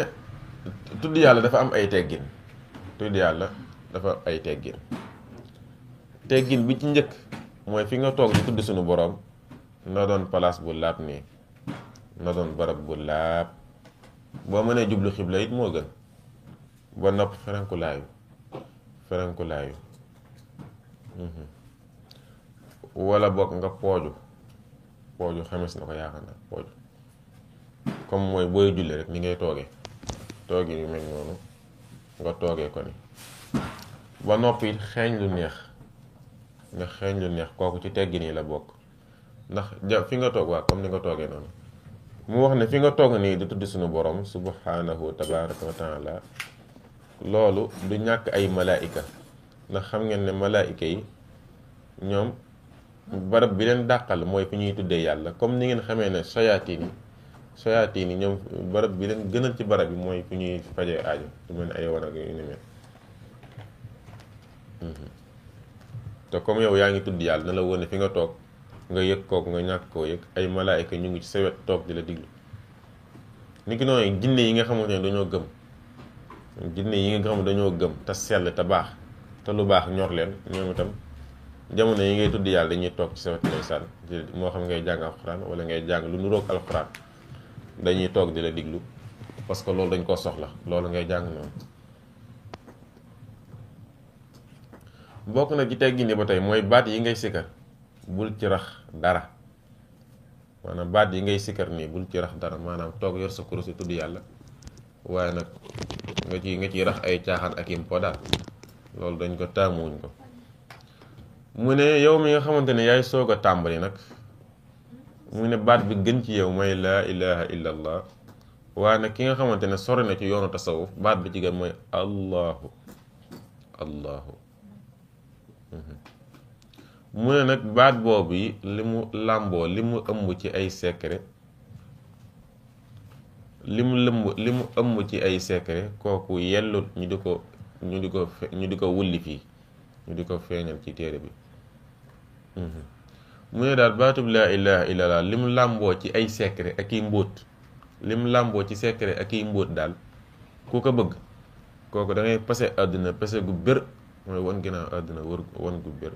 tudd yàlla dafa am ay teggin tudd yàlla dafa am ay teggin teggin bi ci njëkk mooy fi nga toog tudd sunu boroom na doon place bu laab nii na doon barab bu laab boo mënee jublu xibla it moo gën ba nopp ferenkulaayu ferenkulaayu wala bokk nga pooju pooju xames na ko yaakaar naa comme mooy booy julli rek ni ngay toogee toogee yu mel noonu nga toogee ko ni ba noppi xeeñ lu neex nga xeeñ lu neex kooku ci teggin yi la bokk ndax ja fi nga toog waa comme ni nga toogee noonu mu wax ne fi nga toog nii di tudd suñu borom subhanahu tabaraka wa taala loolu du ñàkk ay malaayika ndax xam ngeen ne malaayika yi ñoom barab bi leen dàqal mooy fu ñuy tuddee yàlla comme ni ngeen xamee ne soyaatiin yi soyaatiin yi ñoom barab bi leen gënal ci barab bi mooy fu ñuy fajee aajo lu ay war ak mhm. te comme yow yaa ngi tudd yàlla na la wone fi nga toog nga yëg kook nga ñàkk koo yëg ay malaayka ñu ngi ci sa toog di la diglu ni ki noonu jinne yi nga xamante ne dañoo gëm jinne yi nga xam dañoo gëm te sell te baax te lu baax ñor leen ñoom itam jamono yi ngay tudd yàlla dañuy toog ci sa wet ndeysaan moo xam ngay jàng alxuraan wala ngay jàng lu nuroog alxuraan dañuy toog di la diglu parce que loolu dañ koo soxla loolu ngay jàng noonu bokk na ci teggin yi ba tey mooy baat yi ngay sikkar bul ci rax dara maanaam baat yi ngay sikkar nii bul ci rax dara maanaam toog yor sa kurus tudd yàlla waaye nag nga ci nga ci rax ay caaxaan ak impo daal loolu dañ ko taamuwuñ ko mu ne yow mi nga xamante ne yaay soog a tàmbali nag mu ne baat bi gën ci yow mooy laa ilaha illa waaye nag ki nga xamante ne sori na ci yoonu tasawuf baat bi ci gën mooy allahu allahu mu ne nag baat boobu yi li mu làmboo li mu ëmb ci ay secret li mu lëmb li mu ëmb ci ay secret kooku yellut ñu di ko ñu di ko ñu di ko wulli fii ñu di ko feeñal ci téere bi mu ne daal baatub laa ilaha illallah lim làmboo ci ay secret ak i mbóot li mu làmboo ci secret ak i mbóot daal ku ko bëgg kooku da ngay pase àdduna pase gu bër mooy wan ginnaaw àdduna wër wan gu bër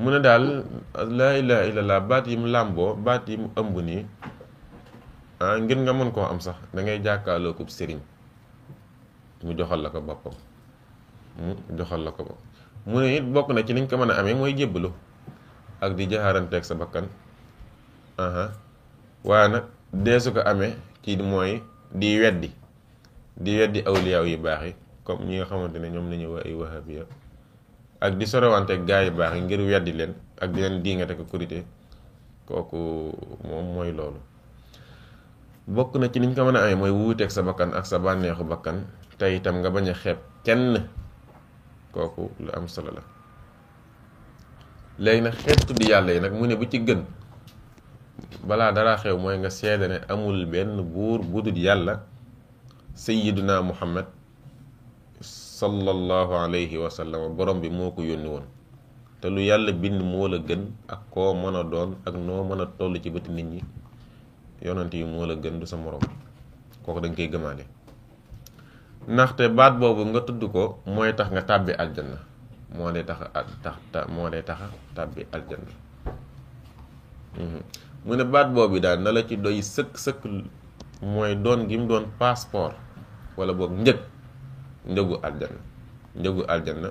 mu ne daal laa ilaha illallah baat yi mu làmboo baat yi mu ëmb nii ah ngir nga mën koo am sax dangay jàkkaaloo ko sëriñ mu joxal la ko boppam mu joxal la ko boppam mu ne it bokk na ci liñ ko mën a amee mooy jébbalu ak di jaxaaranteeg sa bakkan waa nag deesu ko amee ci mooy di weddi di weddi awliyaaw yu baax yi comme ñi nga xamante ne ñoom la ñu waa ay wahabiya ak di sorowanteeg gaa yu baax yi ngir weddi leen ak di leen diingate ko kurite kooku moom mooy loolu bokk na ci liñ ko mën a amee mooy wuuteek sa bakkan ak sa bànneexu bakkan te itam nga bañ a xeeb kenn kooku lu am solo la léegi nag xeet yàlla yi nag mu ne bu ci gën balaa dara xew mooy nga seede ne amul benn buur budul yàlla sayyiduna muhammad sallallahu alayhi wa sallam borom bi moo ko yónni woon te lu yàlla bind moo la gën ak koo mën a doon ak noo mën a toll ci bëti nit ñi yonent yi moo la gën du sa morom kooku da nga koy gëmaale ndaxte baat boobu nga tudd ko mooy tax nga tàbbi aljanna moo lay tax tax tàbbi aljanna mhm. mu ne baat boobu daal na la ci doy sëkk sëkk mooy doon gi mu doon passeport wala boog njëg njëgu aljanna njëgu aljanna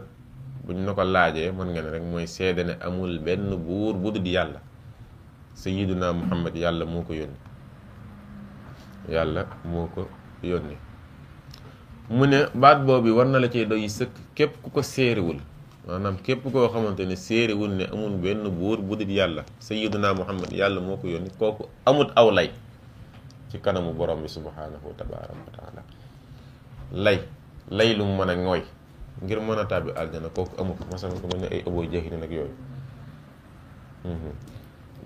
bu ñu na ko laajee mën nga ne rek mooy seede ne amul benn buur bu dul yàlla sayyiduna muhammad yàlla moo ko yónni yàlla moo ko yónni mu ne baat boobu war na la cee doy sëkk képp ku ko séeriwul maanaam képp koo xamante ne séeriwul ne amul benn buur bu dul yàlla sayyiduna muhammad yàlla moo ko yónni kooku amut aw lay ci kanamu borom bi subhaanahu wa tabaaraka wa taala mën a ngooy ngir mën a tàbbi aljana kooku amut ko mel ne ay ëboo jeexi nag yooyu mhm.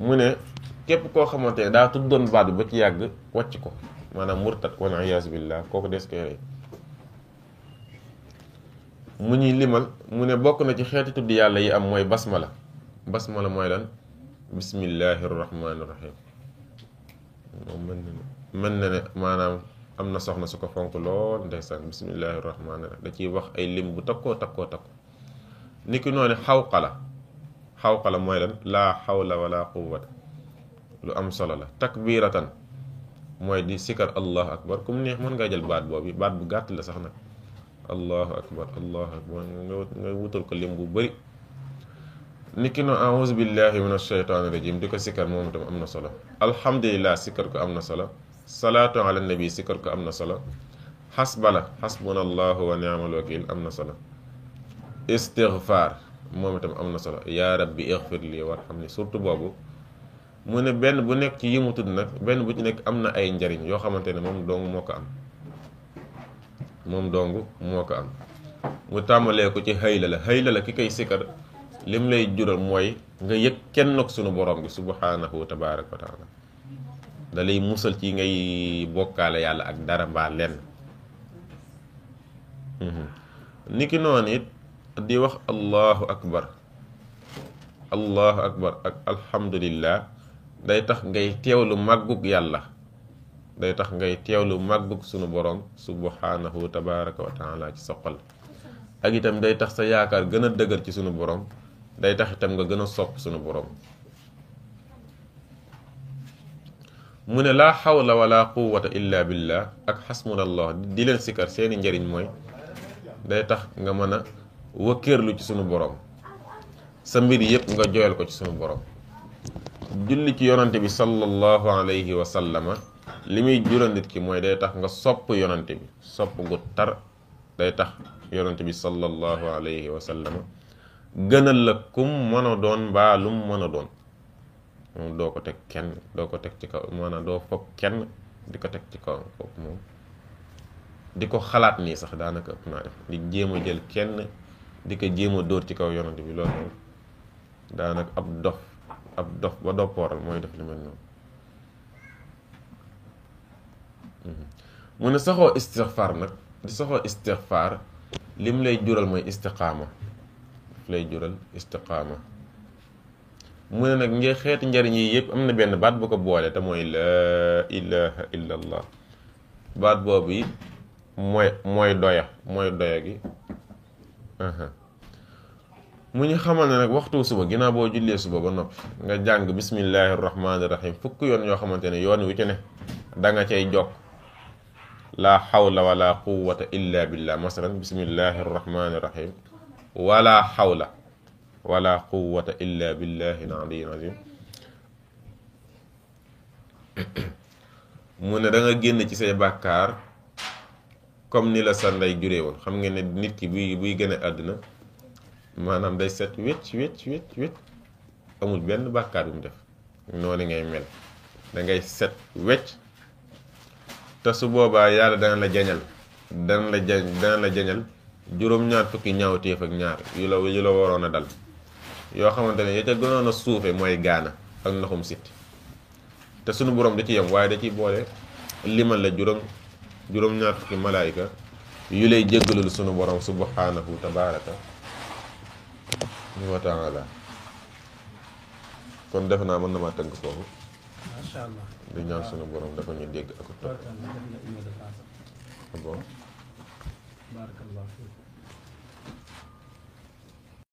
mu ne képp koo xamante ne daa tuddoon baat bi ba ci yàgg wàcc ko maanaam murtat wal iyaazu billah kooku des koy rey mu ñuy limal mu ne bokk na ci xeeti tudd yàlla yi am mooy basmala basmala mooy lan bismillahi rahmaani rahim na ne maanaam am na soxna su ko fonk lool ndeysaan bismillahi rahmaani rahim da ciy wax ay lim bu takkoo takkoo takko ni ki noonu xawqala xawqala mooy lan laa xawla wala quwwata lu am solo la takbiratan mooy di sikar allah akbar kum neex mën nga jël baat boobu baat bu gàtt la sax nag allahu akbar allahu akbar nga wutal ko lim bu bëri niki no auzu billahi min asheytaani rajim di ko sikkar moom itam am na solo alhamdulilah sikkar ko am na solo salaatu ala nabi sikkar am na solo xasbala xasbuna allahu wa niamal wakil am na solo istigfaar moom itam am na solo yaa rabbi igfir lii ni surtout boobu mu ne benn bu nekk ci yi mu tudd nag benn bu ci nekk am na ay njariñ yoo xamante ne moom doomu moo ko am moom dong moo ko am mu tàmbalee ko ci xëyla la xëyla la ki koy sikkar lim lay jural mooy nga yëg kenn ak sunu borom bi subhaanahu wa tabaaraka wa taala da musal ci ngay bokkaale yàlla ak dara mbaa lenn mhm. niki noonu it di wax allahu akbar allahu akbar ak alhamdulillah day tax ngay teew teewlu màggug yàlla day tax ngay teewlu màggug sunu borom subhanahu tabaraka wa taala ci sa xol ak itam day tax sa yaakaar gën a dëgër ci sunu borom day tax itam nga gën a sopp sunu borom mu ne laa xawla wala quwata illa billah ak xasbunallah di leen sikar seeni njariñ mooy day tax nga mën a wëkkeerlu ci sunu borom sa mbir yëpp nga joyal ko ci sunu borom julli ci yonante bi sallallahu alayhi wa li muy jural nit ki mooy day tax nga sopp yonante bi sopp gu tar day tax yonante bi sallallahu alayhi wa sallam gënal la kum mën a doon mbaa lum mën a doon moom doo ko teg kenn doo ko teg ci kaw maanaam doo foog kenn di ko teg ci kaw moom di ko xalaat nii sax daanaka ëpp naa def di jéem a jël kenn di ko jéem a dóor ci kaw yonante bi loolu moom daanaka ab dof ab dof ba doppooral mooy def li mel noonu mu ne saxoo istixfaar nag di saxoo istixfaar lim lay jural mooy istiqaama daf lay jural istiqaama mu ne nag ngay xeeti njariñ yi yëpp am na benn baat bu ko boole te mooy laa ilaha illa baat boobu yi mooy mooy doya mooy doya gi mu ñu xamal ne nag waxtu suba ginnaaw boo jullee suba ba noppi nga jàng bismillahi rahmaani rahim fukk yoon yoo xamante ne yoon wu ci ne danga nga cay jokk laa xawla wala quwata illa billah masalan bismillahi arrahmani irrahim wala xawla wala quwata illa billahi aliyil azim mu ne da génn ci say bàkkaar comme ni la sa ndey juree woon xam nga ne nit ki buy buy gën a àdduna maanaam day set wécc wécc wécc amul benn bàkkaar bu mu def noonu ngay mel da set wécc te su boobaa yàlla dana la jañal dana la ja dana la jañal juróom-ñaar fukki ñaawteef ak ñaar yu la yu la waroon a dal yoo xamante ne ya ca gënoon a suufe mooy gaana ak ndoxum sit te sunu borom da ci yem waaye da ciy boole limal la juróom juróom-ñaar fukki malaayika yu lay jéggalul sunu borom subhanahu tabaraka wa la kon defe naa mën na maa tënk foofu macha di ñaan sunu boroom dafa ñu dégg ak topp ah bon